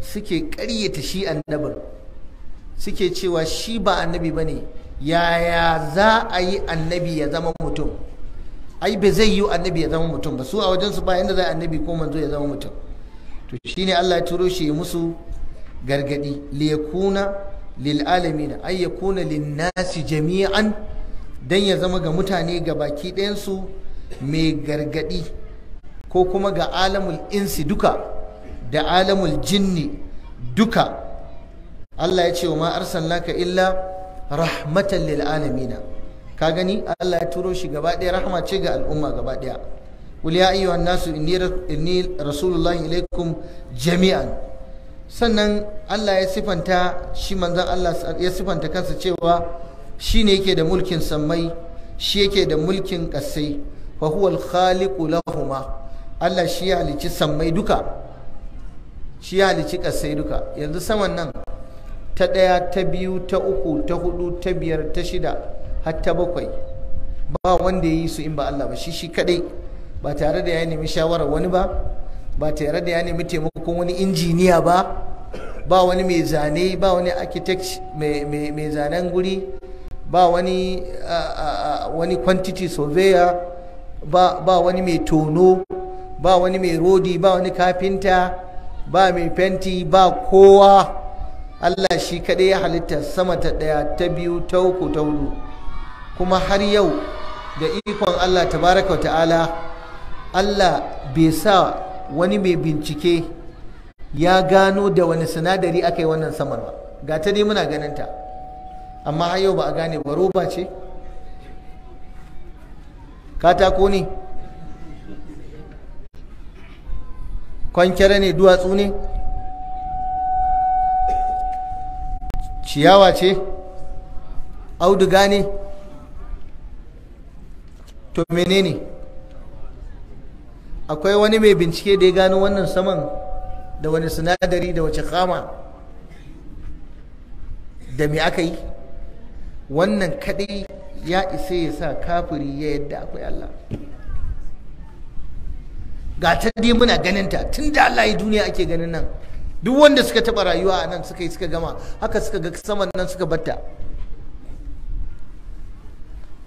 A: suke ƙaryata shi annabin suke cewa shi ba annabi ba ne yaya za a yi annabi ya zama mutum ai ba zai yi annabi ya zama mutum ba su a wajensu ba inda zai annabi ko manzo ya zama mutum to shi ne Allah ya turo shi musu gargadi li yakuna lil alamin ay yakuna lin jami'an dan ya zama ga mutane ga baki ɗayan su mai gargadi ko kuma ga alamul insi duka da alamul jinni duka Allah ya ce wa ma arsalnaka illa rahmatan lil alamina ka gani Allah ya turo shi gaba ɗaya rahma ce ga al'umma gaba ɗaya qul ya ayyuhan nasu inni rasulullahi ilaikum jami'an sannan Allah ya sifanta shi manzon Allah ya sifanta kansa cewa shi ne yake da mulkin sammai shi yake da mulkin ƙasai fa huwal khaliqu Allah shi ya halicci sammai duka shi ya halicci ƙasai duka yanzu saman nan ta ɗaya ta biyu ta uku ta hudu ta biyar ta shida har ta bakwai ba wanda ya yi su in ba Allah ba shi shi kadai ba tare da ya nemi shawarar wani ba ba tare da ya nemi taimakon wani injiniya ba ba wani mai zane ba wani architect mai zanen guri ba wani wani quantity surveyor ba wani mai tono ba wani mai rodi ba wani kafinta ba mai fenti ba kowa Allah shi kaɗai ya halitta sama ta ɗaya ta biyu ta uku ta hudu kuma har yau da ikon Allah tabaraka ta'ala Allah bai sa wani mai bincike ya gano da wani sinadari aka yi wannan samar ba ga ta dai muna ganinta amma har yau ba a gane ba roba ce katako ne kwankere ne duwatsu ne ciyawa ce auduga ne to menene akwai wani mai bincike da ya gano wannan saman da wani sinadari da wace kama da me aka yi wannan kadai ya isa ya sa kafiri ya yadda akwai Allah ga ta dai muna ganin ta tun da Allah ya duniya ake ganin nan duk wanda suka taɓa rayuwa a nan suka yi suka gama haka suka ga saman nan suka batta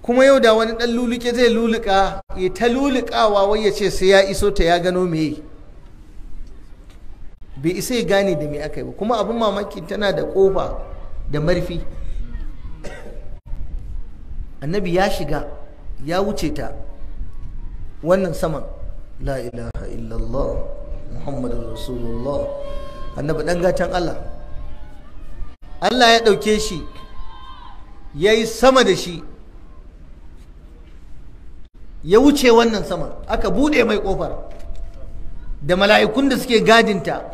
A: kuma yau da wani ɗan luluke zai luluka ya ta lulukawa wai ya ce sai ya iso ta ya gano me. bai isa ya gane da me aka yi ba kuma abin mamaki tana da ƙofa da marfi annabi ya shiga ya wuce ta wannan saman la ilaha illallah muhammadu rasulullah annabi dan gatan Allah Allah ya ɗauke shi ya yi sama da shi ya wuce wannan sama aka bude mai ƙofar da mala'ikun da suke gadinta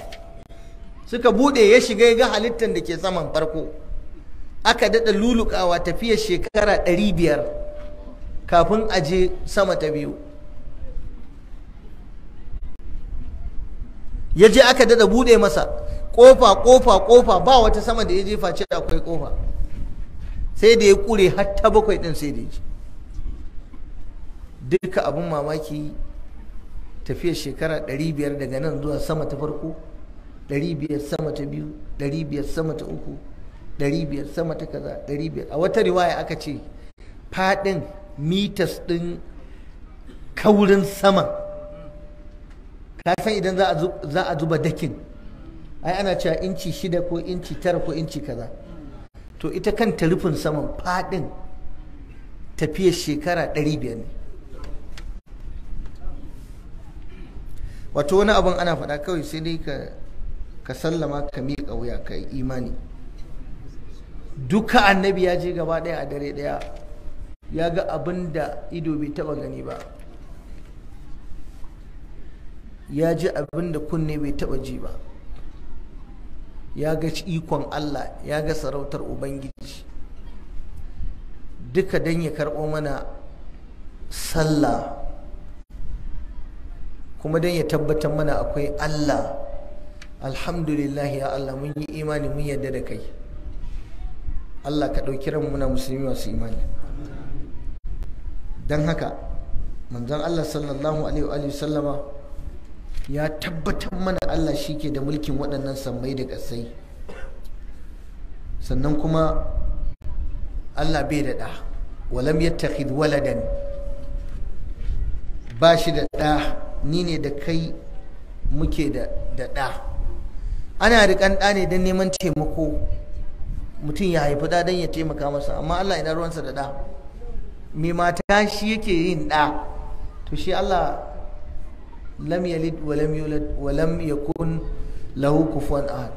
A: suka bude ya shiga yaga ga halittar da ke saman farko aka daɗa lulukawa tafiyar shekara 500 kafin aje sama ta biyu ya je aka dada bude masa kofa kofa kofa ba wata sama da ya jefa ce akwai kofa sai da ya kure har ta bakwai din sai da ya duka abin mamaki tafiyar shekara 500 daga nan zuwa sama ta farko 500 sama ta biyu 500 sama ta uku 500 sama ta kaza 500 a wata riwaya aka ce faɗin mitas ɗin kaurin sama ka san idan za a zuba dakin ai ana cewa inci shida ko inci tara ko inci kaza to ita kanta rufin saman fadin tafiyar shekara 500 ne wato wani abin ana faɗa kawai sai dai ka sallama ka miƙa wuya ka imani duka annabi ya je gaba ɗaya a dare ɗaya ya ga abin da ido bai taɓa gani ba ya ji abin da kunne bai taba ji ba ya ga ikon Allah ya ga sarautar Ubangiji duka don ya karɓo mana sallah kuma don ya tabbatar mana akwai Allah alhamdulillah ya Allah mun yi imani mun yadda da kai Allah ka ɗauki ran na musulmi masu imani don haka manzon Allah sallallahu alaihi wa sallama ya tabbatar mana Allah shi ke da mulkin waɗannan sammai da ƙasai sannan kuma Allah bai da ɗa walam yattakhid waladan ba shi da ɗa ni ne da kai muke da ɗa ana riƙan ɗa ne don neman taimako mutum ya haifi ɗa don ya taimaka masa amma Allah ina ruwansa da ɗa mai mata shi yake yin ɗa to shi Allah lam yalid wa lam yulad wa lam yakun lahu kufuwan ahad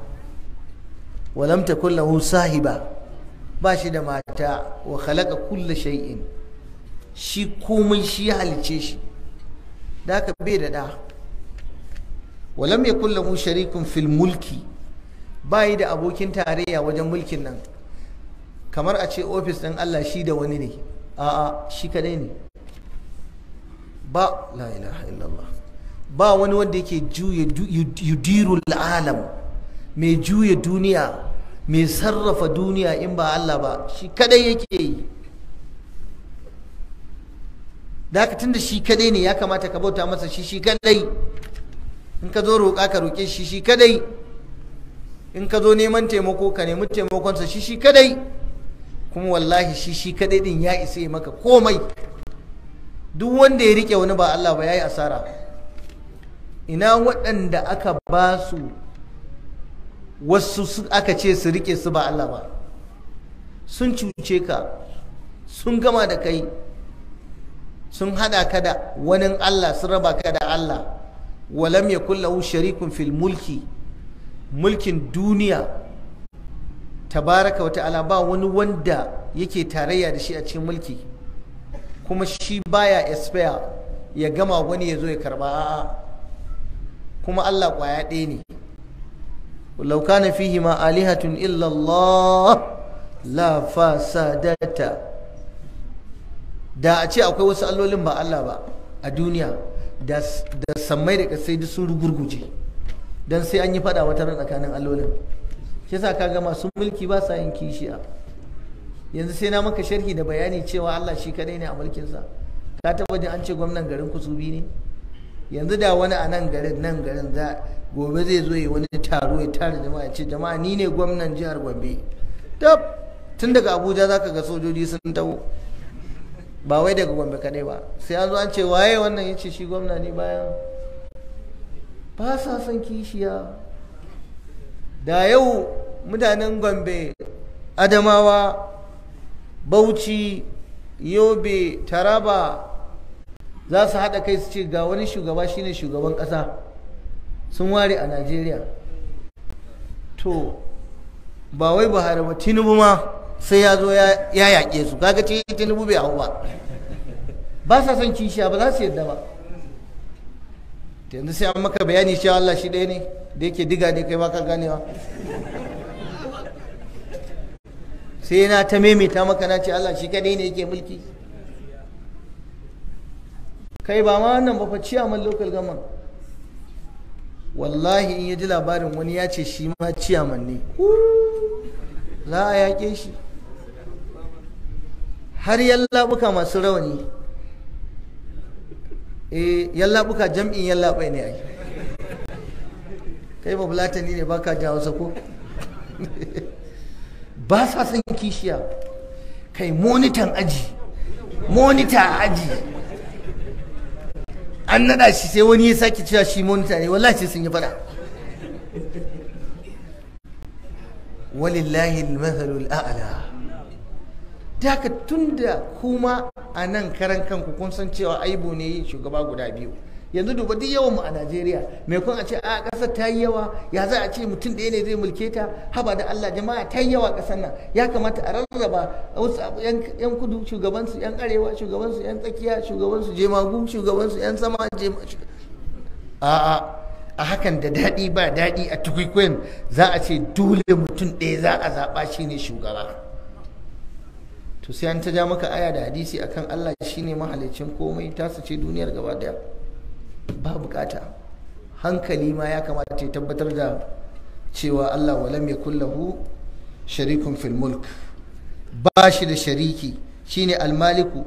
A: wa lam takun lahu sahiba ba shi da mata wa khalaqa kulla shay'in shi komai shi ya halice shi da ka bai da da wa lam yakun lahu sharikun fil mulki bai da abokin tarayya wajen mulkin nan kamar a ce ofis ɗin Allah shi da wani ne a'a shi kadai ne ba la ilaha illallah ba wani wanda yake juya Yudiru alam mai juya duniya mai sarrafa duniya in ba Allah ba shi kadai yake yi da tunda shi kadai ne ya kamata ka bauta masa shi shi kadai in ka zo roƙa ka roƙe shi shi kadai in ka zo neman taimako ka nemi taimakonsa shi shi kadai kuma wallahi shi shi kadai din ya isa maka komai duk wanda ya rike wani ba Allah ba ya yi asara ina waɗanda aka ba su wasu aka ce su rike su ba Allah ba sun cuce ka sun gama da kai sun hada ka da wani Allah sun raba ka da Allah walam ya kullahu sharikun fil mulki mulkin duniya tabaraka wa ta'ala ba wani wanda yake tarayya da shi a cikin mulki kuma shi baya espaya ya gama wani ya zo ya karba a'a kuma Allah kwaya ɗaya ne lauka na fihi ma alihatun illa Allah la fasadata da a ce akwai wasu allolin ba Allah ba a duniya da sammai da kasai da sun rugurguje don sai an yi fada wata ran tsakanin allolin shi sa ga masu mulki ba sa yin kishiya yanzu sai na maka sharhi da bayani cewa Allah shi kadai ne a mulkinsa ka taba an ce gwamnan garin kusubi ne yanzu da wani a nan garin nan garin za gobe zai zo yi wani taro ya tare jama'a ya ce jama'a ni ne gwamnan jihar gombe tab tun daga abuja za ka ga sojoji sun taho ba wai daga gombe kadai ba sai an zo an ce waye wannan ya ce shi gwamna ne bayan ba sa son kishiya da yau mutanen gombe adamawa bauchi yobe taraba za su haɗa kai su ce ga wani shugaba shine shugaban ƙasa sun ware a najeriya to ba wai buhari ba tinubu ma sai ya zo ya yaƙe su kaga ce tinubu bai hau ba ba sa son kishiya ba za su yadda ba yanzu sai an maka bayani cewa Allah shi ɗaya ne da yake diga ne kai baka ganewa sai na ta maimaita maka na ce Allah shi kadai ne yake mulki kai ba ma wannan ba fa ciyaman local government wallahi in ya ji labarin wani ya ce shi ma ciyaman ne za a yaƙe shi har yallaɓuka masu rauni eh yallaɓuka jam'in yallaɓai ne ai kai ba fulatani ne baka ja wasa ko ba sa son kishiya kai monitan aji monita aji an naɗa shi sai wani ya sake cewa shi monita ne wallahi sai sun yi fada walillahi al-mathalul a'la da tunda kuma a nan karan kanku kun san cewa aibu ne shugaba guda biyu yanzu duba duk yawan mu a Najeriya kun a ce a ƙasar ta yi yawa ya za a ce mutum ɗaya ne zai mulke ta haba da Allah jama'a ta yi yawa ƙasar nan ya kamata a rarraba wasu yan kudu shugaban su yan arewa shugaban su yan tsakiya shugaban su jemagu shugaban su yan sama a'a a hakan da daɗi ba daɗi a tukwikwin za a ce dole mutum ɗaya za a zaɓa shi ne shugaba to sai an ta ja maka aya da hadisi akan Allah shine mahalicin komai tasa ce duniyar gaba daya ba bukata hankali ma ya kamata ya tabbatar da cewa Allah walam ya kullahu sharikun fil mulk ba shi da shariki shine almaliku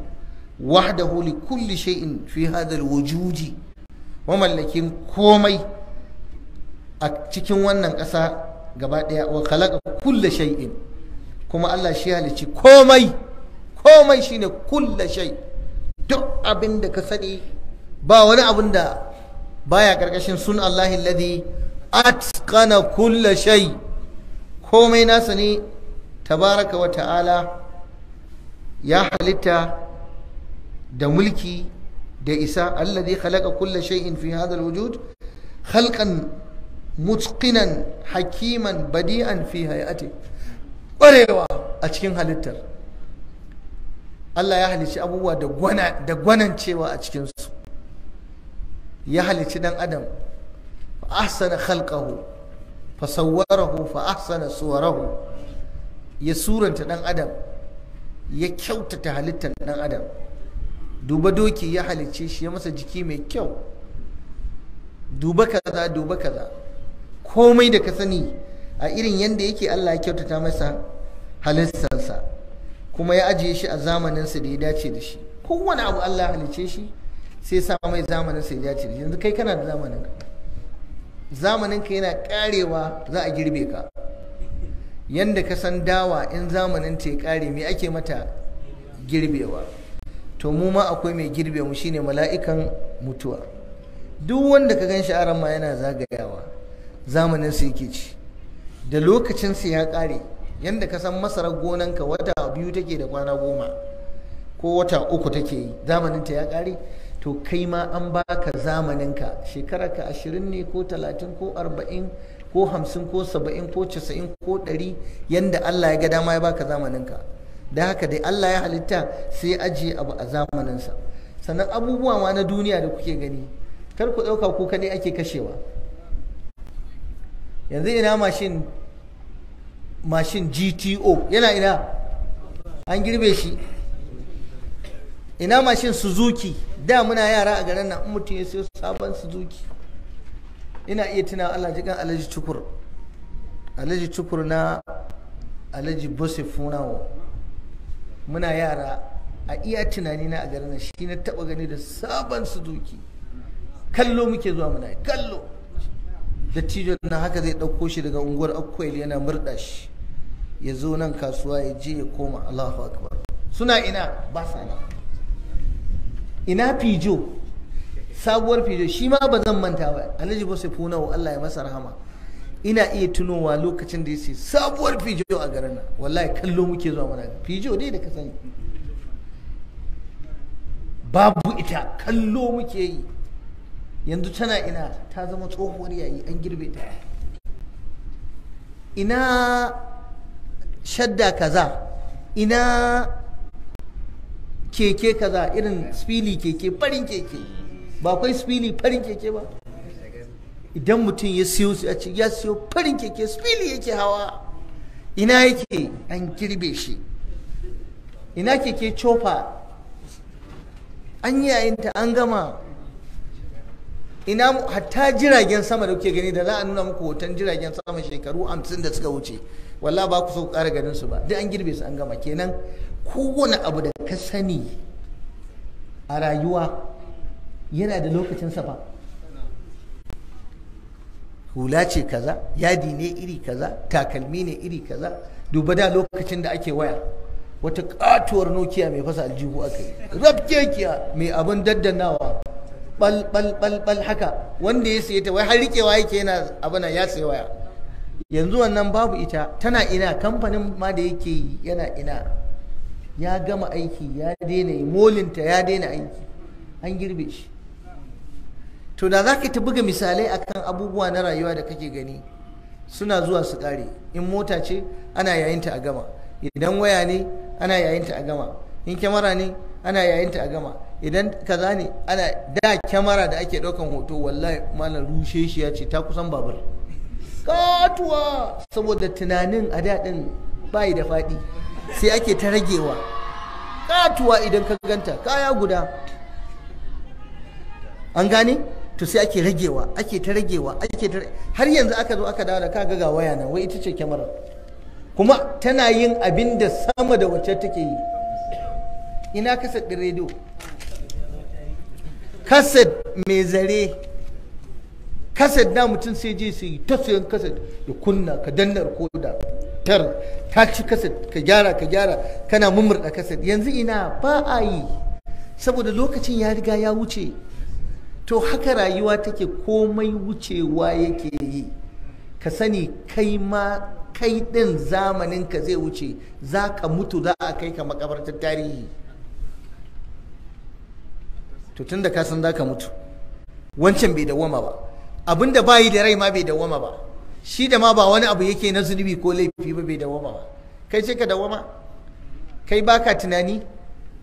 A: wahdahu li kulli shay'in fi hadha alwujudi mamallakin komai a cikin wannan ƙasa gaba ɗaya wa khalaqa kulla shay'in kuma Allah shi halicci komai komai shine kulle shay duk abin da ka sani ba wani abun da baya karkashin sun Allahi alladhi atqana kulla shai komai nasa ne tabaraka wa ta'ala ya halitta da mulki da isa alladhi khalaqa kulla shay'in fi hadha alwujud khalqan mutqinan hakiman badi'an fi hayati ƙwarewa a cikin halittar Allah ya halicci abubuwa da gwanancewa a cikinsu ya halicci dan adam fa ahsana khalqahu fa sawwarahu fa ahsana suwarahu ya suranta dan adam ya kyautata halittar dan adam duba doki ya halicce shi ya masa jiki mai kyau duba kaza duba kaza komai da ka sani a irin yadda yake Allah ya kyautata masa halittarsa kuma ya ajiye shi a zamaninsa da ya dace da shi kowane abu Allah ya halicce shi sai sa mai zamanin sai ya cire yanzu kai kana da zamanin ka zamanin ka yana karewa za a girbe ka yanda ka san dawa in zamanin ta ya kare me ake mata girbewa to mu ma akwai mai girbe mu shine mala'ikan mutuwa duk wanda ka gan sha'aran ma yana zagayawa zamanin su yake ci da lokacin ya kare yanda ka san masarar gonanka wata biyu take da kwana goma ko wata uku take yi zamanin ta ya kare to kai ma an baka zamaninka ka ashirin ne ko talatin ko arba'in ko hamsin ko saba'in ko casa'in ko ɗari yanda Allah ya ga dama ya baka zamaninka da haka dai Allah ya halitta sai ajiye abu a zamaninsa sannan abubuwa ma na duniya da kuke gani kar ku ɗauka ku kaɗai ake kashewa yanzu ina mashin mashin gto yana ina an girbe shi ina mashin suzuki da muna yara a garin nan in mutum ya siyo sabon suzuki ina iya tuna Allah jikan alaji cukur alaji cukur na alaji bose funawo muna yara a iya tunani na a garin nan shi na taba gani da sabon suzuki kallo muke zuwa muna kallo da tijo na haka zai ɗauko shi daga unguwar akwai yana murɗa shi ya zo nan kasuwa ya je ya koma Allahu akbar suna ina ba sa nan ina fijo sabuwar fijo shi ma ba zan manta ba alhaji ba sai wa Allah ya masa rahama ina iya tunowa lokacin da ya ce sabuwar fijo a garin nan wallahi kallo muke zuwa mana fijo dai da ka sani babu ita kallo muke yi yanzu tana ina ta zama tsohuwar yayi an girbe ta ina shadda kaza ina keke kaza irin spili keke farin keke ba akwai spili farin keke ba idan mutum ya siyo ya siyo farin keke spili yake hawa ina yake an girbe shi ina keke cofa an yayinta an gama ina hatta jiragen sama da kuke gani da za a nuna muku hoton jiragen sama shekaru hamsin da suka wuce wallah ba ku so kara ganin su ba duk an girbe su an gama kenan kowane abu da ka sani a rayuwa yana da lokacinsa ba hula ce kaza yadi ne iri kaza takalmi ne iri kaza duba da lokacin da ake waya wata katuwar nokiya mai fasa aljihu aka yi rafkekiya mai abin daddanawa bal bal bal bal haka wanda ya saye ta wai har rikewa yake yana abana ya sayi waya yanzu wannan babu ita tana ina kamfanin ma da yake yi yana ina ya gama aiki ya daina yi molinta ya daina aiki an girbe shi to da za ka ta buga misalai akan abubuwa na rayuwa da kake gani suna zuwa su kare in mota ce ana yayinta a gama idan waya ne ana yayinta a gama in kyamara ne ana yayinta a gama idan kaza ne ana da kyamara da ake ɗaukan hoto wallahi malam rushe shi ya ce ta kusan babur katuwa saboda tunanin a daɗin bayi da faɗi sai ake ta ragewa katuwa idan ka ganta kaya guda an gane to sai ake ragewa ake ta ragewa ake ta har yanzu aka zo aka dawo da kaga ga waya na wai ita ce kyamara. kuma tana yin abin da sama da wacce take yi ina kaset ɗin rediyo kaset mai zare kaset na mutum sai je su yi ta sayan kaset ya kunna ka danna da. tar ta ci kaset ka gyara ka gyara kana mumurda kaset yanzu ina ba a yi saboda lokacin ya riga ya wuce to haka rayuwa take komai wucewa yake yi ka sani kai ma kai din zamanin ka zai wuce za ka mutu za a kai ka makabartar tarihi to tun da ka san za ka mutu wancan bai dawwama ba abin da bayi da rai ma bai dawama ba shi da ma ba wani abu yake na zunubi ko laifi ba bai dawama ba kai ce ka dawama kai baka tunani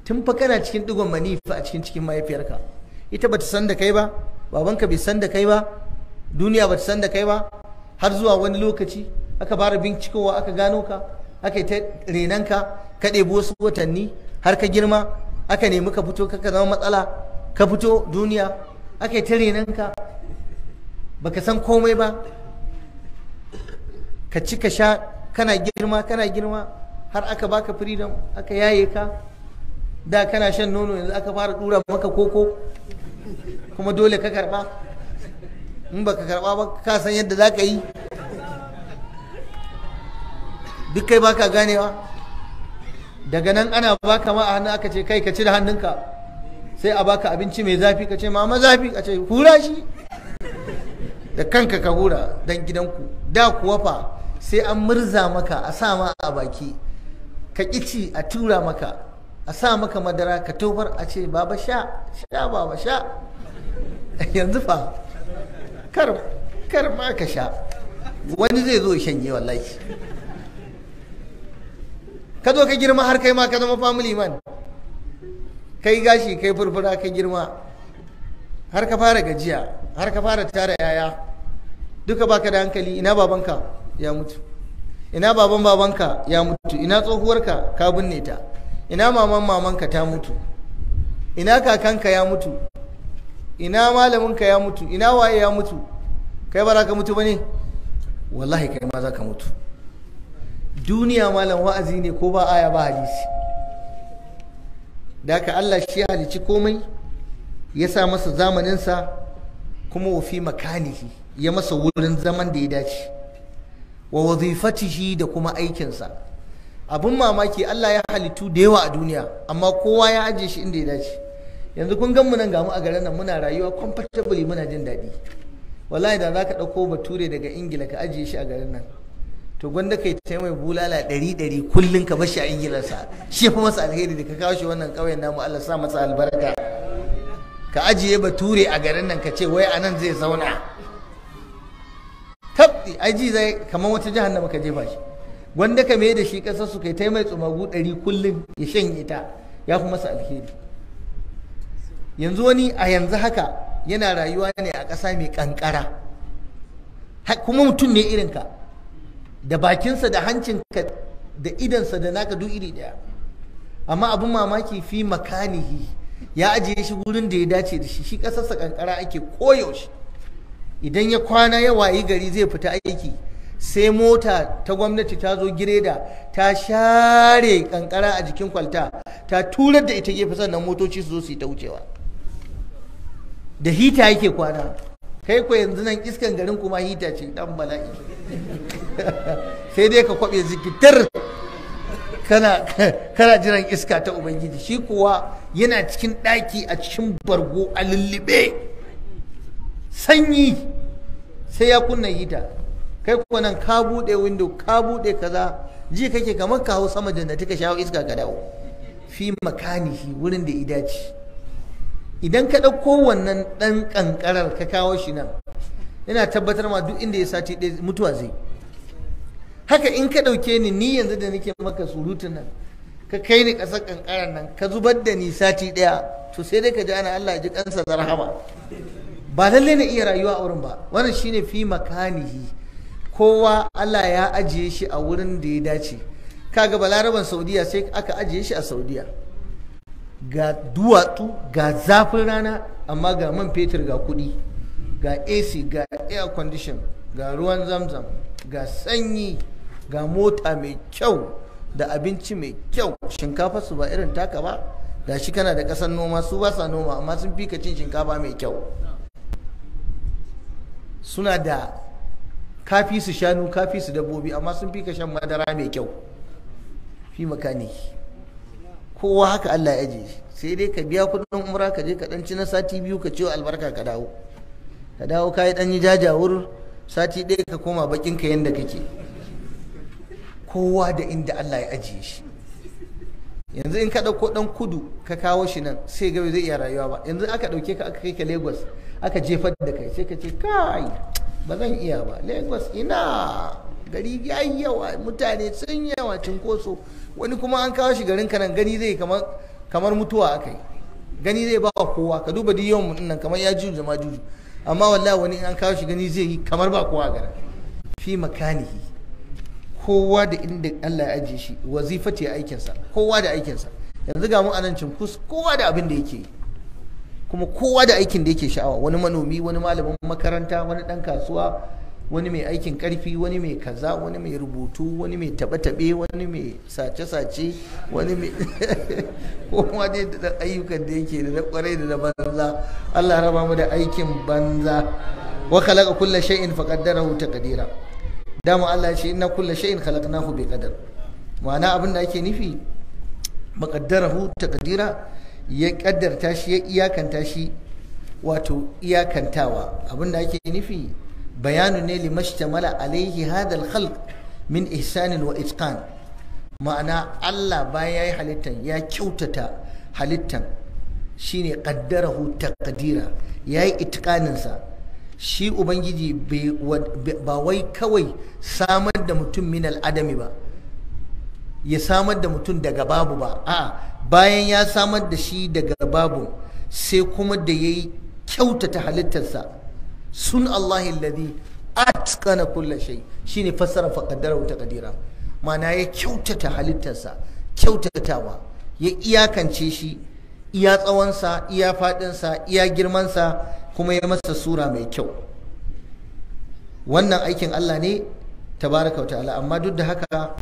A: tun fa kana cikin digon manifa a cikin cikin mahaifiyarka ita bata san da kai ba babanka bai san da kai ba duniya bata san da kai ba har zuwa wani lokaci aka fara bincikowa aka gano ka aka yi ta renanka ka ɗebi wasu watanni har ka girma aka nemi ka fito ka zama matsala ka fito duniya aka yi ta renanka baka san komai ba ka ci ka sha kana girma kana girma har aka baka freedom aka yaye ka da kana shan nono yanzu aka fara dura maka koko kuma dole ka karba in baka karba ba ka san yadda za ka yi duk kai baka ganewa daga nan ana baka ma a hannu aka ce kai ka cire hannunka sai a baka abinci mai zafi ka ce mama zafi ka ce hura shi da kanka ka hura dan gidanku da kuwa fa sai an murza maka a sa ma a baki ka kici a tura maka a sa maka madara ka tofar a ce baba sha sha baba sha yanzu fa kar kar ma ka sha wani zai zo shanye wallahi ka zo ka girma har kai ma ka zama family man kai gashi kai furfura kai girma har ka fara gajiya har ka fara tara yaya duka baka da hankali ina babanka ya mutu ina baban babanka ya mutu ina tsohuwarka ka binne ta ina maman mamanka ta mutu ina kakanka ya mutu ina malaminka ya mutu ina waye ya mutu kai ba za ka mutu ba ne wallahi kai ma za ka mutu duniya malam wa'azi ne ko ba aya ba hadisi da ka Allah shi halicci komai ya sa masa zamaninsa kuma wa fi makanihi ya masa wurin zaman da ya dace wa wazifatihi da kuma aikinsa abin mamaki Allah ya halittu da yawa a duniya amma kowa ya ajiye shi inda ya dace yanzu kun gan mu nan ga mu a garin nan muna rayuwa comfortably muna jin daɗi wallahi da zaka ɗauko bature daga ingila ka ajiye shi a garin nan to gwanda kai ta mai bulala ɗari ɗari kullum ka bashi a ingilarsa shi fa masa alheri da ka kawo shi wannan ƙauyen namu Allah sa masa albarka ka ajiye bature a garin nan ka ce wai nan zai zauna tabbi aji zai kamar wata jihar jahannama ka jefa shi gwanda ka mai da shi kasar su kai ta mai tsumagu ɗari kullum ya shan ita ya fi masa alheri yanzu wani a yanzu haka yana rayuwa ne a ƙasa mai ƙanƙara kuma mutum ne irin ka da bakinsa da hancin ka da idansa da naka duk iri ɗaya amma abin mamaki fi makanihi ya ajiye shi wurin da ya dace da shi shi ƙasarsa kankara ake koyaushe idan ya kwana ya wayi gari zai fita aiki sai mota ta gwamnati ta zo gireda ta share kankara a jikin kwalta ta turar da ita gefe sannan motoci su zo su yi ta wucewa da hita yake kwana kai ko yanzu nan iskan garin kuma hita ce dan bala'i sai dai ka kwabe zikitar kana jiran iska ta ubangiji shi kuwa yana cikin ɗaki a cikin bargo a lullube sanyi sai ya kunna hita kai kuwa nan ka buɗe windo ka buɗe kaza ji kake kamar ka hau sama janna ka shawo iska ka dawo fi makanihi wurin da idaci idan ka ɗauko wannan ɗan ƙanƙarar ka kawo shi nan ina tabbatar ma duk inda ya sati ɗaya mutuwa zai haka in ka ɗauke ni ni yanzu da nake maka surutun nan ka kai ni ƙasar ƙanƙara nan ka zubar da ni sati ɗaya to sai dai ka ji ana Allah ji kansa zarhama ba lalle na iya rayuwa a wurin ba wannan shine fi makanihi kowa Allah ya ajiye shi a wurin da ya dace kaga balaraban saudiya sai aka ajiye shi a saudiya ga duwatsu ga zafin rana amma ga man fetur ga kuɗi ga ac ga air condition ga ruwan zamzam ga sanyi ga mota mai kyau da abinci mai kyau shinkafa su ba irin taka ba da shi kana da ƙasar noma su ba sa noma amma sun fi ka cin shinkafa mai kyau suna da kafi su shanu kafi su dabbobi amma sun fi ka shan madara mai kyau fi makani kowa haka Allah ya je sai dai ka biya kudin umra ka je ka dan ci na sati biyu ka ciwo albarka ka dawo ka dawo ka yi dan yi jajawur sati ɗaya ka koma bakin ka yanda kake kowa da inda Allah ya ajiye shi yanzu in ka ɗauko ɗan kudu ka kawo shi nan sai ga zai iya rayuwa ba yanzu aka ɗauke ka aka kai ka Lagos aka jefar da kai sai ka ce kai ba zan iya ba Lagos ina gari ya yawa mutane sun yawa cinkoso wani kuma an kawo shi garin kan gani zai kamar kamar mutuwa aka yi gani zai ba kowa ka duba di yawan mutum nan kamar ya juju ma juju amma wallahi wani an kawo shi gani zai yi kamar ba kowa garin fi makanihi kowa da inda Allah ya ajiye shi wazifa ce aikinsa kowa da aikinsa yanzu ga mu anan cinkus kowa da abin da yake kuma kowa da aikin da yake sha'awa wani manomi wani malamin makaranta wani dan kasuwa wani mai aikin karfi wani mai kaza wani mai rubutu wani mai taɓe-taɓe wani mai sace-sace wani mai kowa dai da ayyukan da yake da kwarai da na banza Allah raba mu da aikin banza wa khalaqa kulla shay'in faqaddarahu taqdira dama Allah ce inna kulla shay'in khalaqnahu bi qadar ma'ana abin da ake nufi maqaddarahu taqdira ya kaddarta shi ya iyakanta shi wato iyakantawa abin da ake nufi bayanu ne limastamala alaihi hadal khalq min ihsanin wa itqan ma'ana Allah bayan yayi halittan ya kyautata halittan shine qaddarahu taqdira yayi itqaninsa shi ubangiji ba wai kawai samar da mutum min al'adami ba ya samar da mutum daga babu ba a bayan ya samar da shi daga babu sai kuma da ya yi kyautata halittarsa sun allahi ladi atkana kulla shai Shi ne fassara faƙaddara wuta ƙadira mana ya kyautata halittarsa kyautatawa ya iyakance shi iya tsawonsa iya faɗinsa iya girmansa kuma ya masa sura mai kyau wannan aikin Allah ne tabaraka wa ta'ala amma duk da haka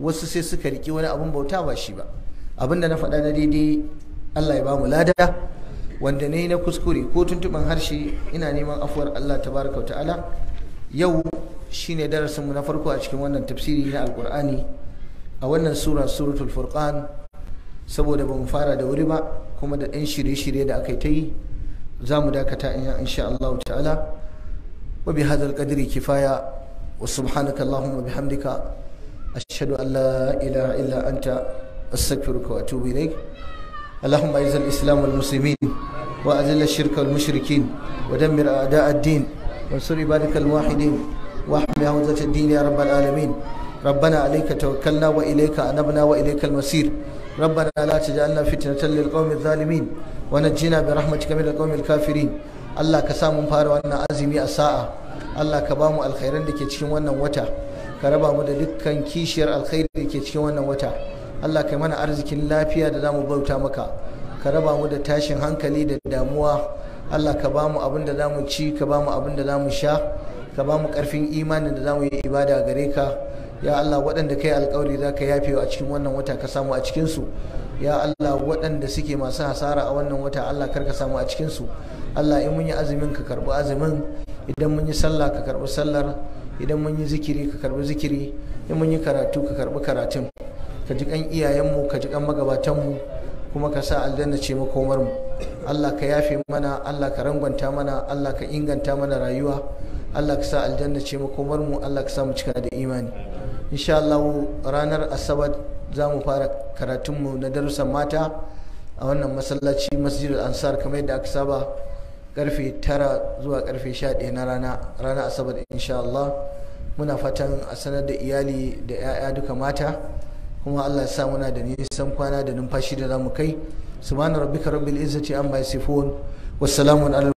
A: wasu sai suka riki wani abun bauta ba shi ba abin da na faɗa na daidai Allah ya ba mu lada wanda ne na kuskure ko tuntuɓin harshe ina neman afuwar Allah tabaraka wa ta'ala yau shine darasinmu na farko a cikin wannan tafsiri na alkur'ani a wannan sura suratul furqan saboda ba mu fara da wuri ba kuma da ɗan shirye-shirye da aka yi ta yi za mu dakata in ya insha Allah ta'ala wa bi hadal qadri kifaya wa subhanaka allahumma bihamdika ashhadu an la ilaha illa anta astaghfiruka wa atubu ilaik اللهم اعز الاسلام والمسلمين واذل الشرك والمشركين ودمر اعداء الدين وانصر عبادك الموحدين واحمي حوزه الدين يا رب العالمين ربنا عليك توكلنا واليك انبنا واليك المصير ربنا لا تجعلنا فتنه للقوم الظالمين ونجنا برحمتك من القوم الكافرين الله كسام فارو أن أزمي الساعة الله كبامو الخيرين لكي تشمونا وتا كربا kishiyar دكا كيشير الخير cikin wannan وتا Allah kai mana arzikin lafiya da zamu bauta maka ka raba mu da tashin hankali da damuwa Allah ka bamu abin da mu ci ka bamu abin da mu sha ka bamu karfin imanin da zamu yi ibada gare ka ya Allah waɗanda kai alƙawari za ka yafewa a cikin wannan wata ka samu a cikinsu ya Allah waɗanda suke masu hasara a wannan wata Allah karka samu a cikinsu Allah in mun yi azumin ka karɓi azumin idan mun yi sallah ka karɓi sallar idan mun yi zikiri ka karɓi zikiri in mun yi karatu ka karɓi karatun ka ji kan iyayenmu ka ji kan magabatanmu kuma ka sa aljanna ce makomarmu Allah ka yafe mana Allah ka rangwanta mana Allah ka inganta mana rayuwa Allah ka sa aljanna ce makomarmu Allah ka sa mu cika da imani insha Allah ranar asabar za mu fara karatunmu na darussan mata a wannan masallaci masjidar ansar kamar yadda aka saba karfe 9 zuwa karfe 11 na rana rana asabar insha Allah muna fatan a sanar da iyali da 'ya'ya duka mata kuma Allah ya sa muna da nisan kwana da numfashi da za mu kai subhana rabbika rabbil izzati amma yasifun wassalamu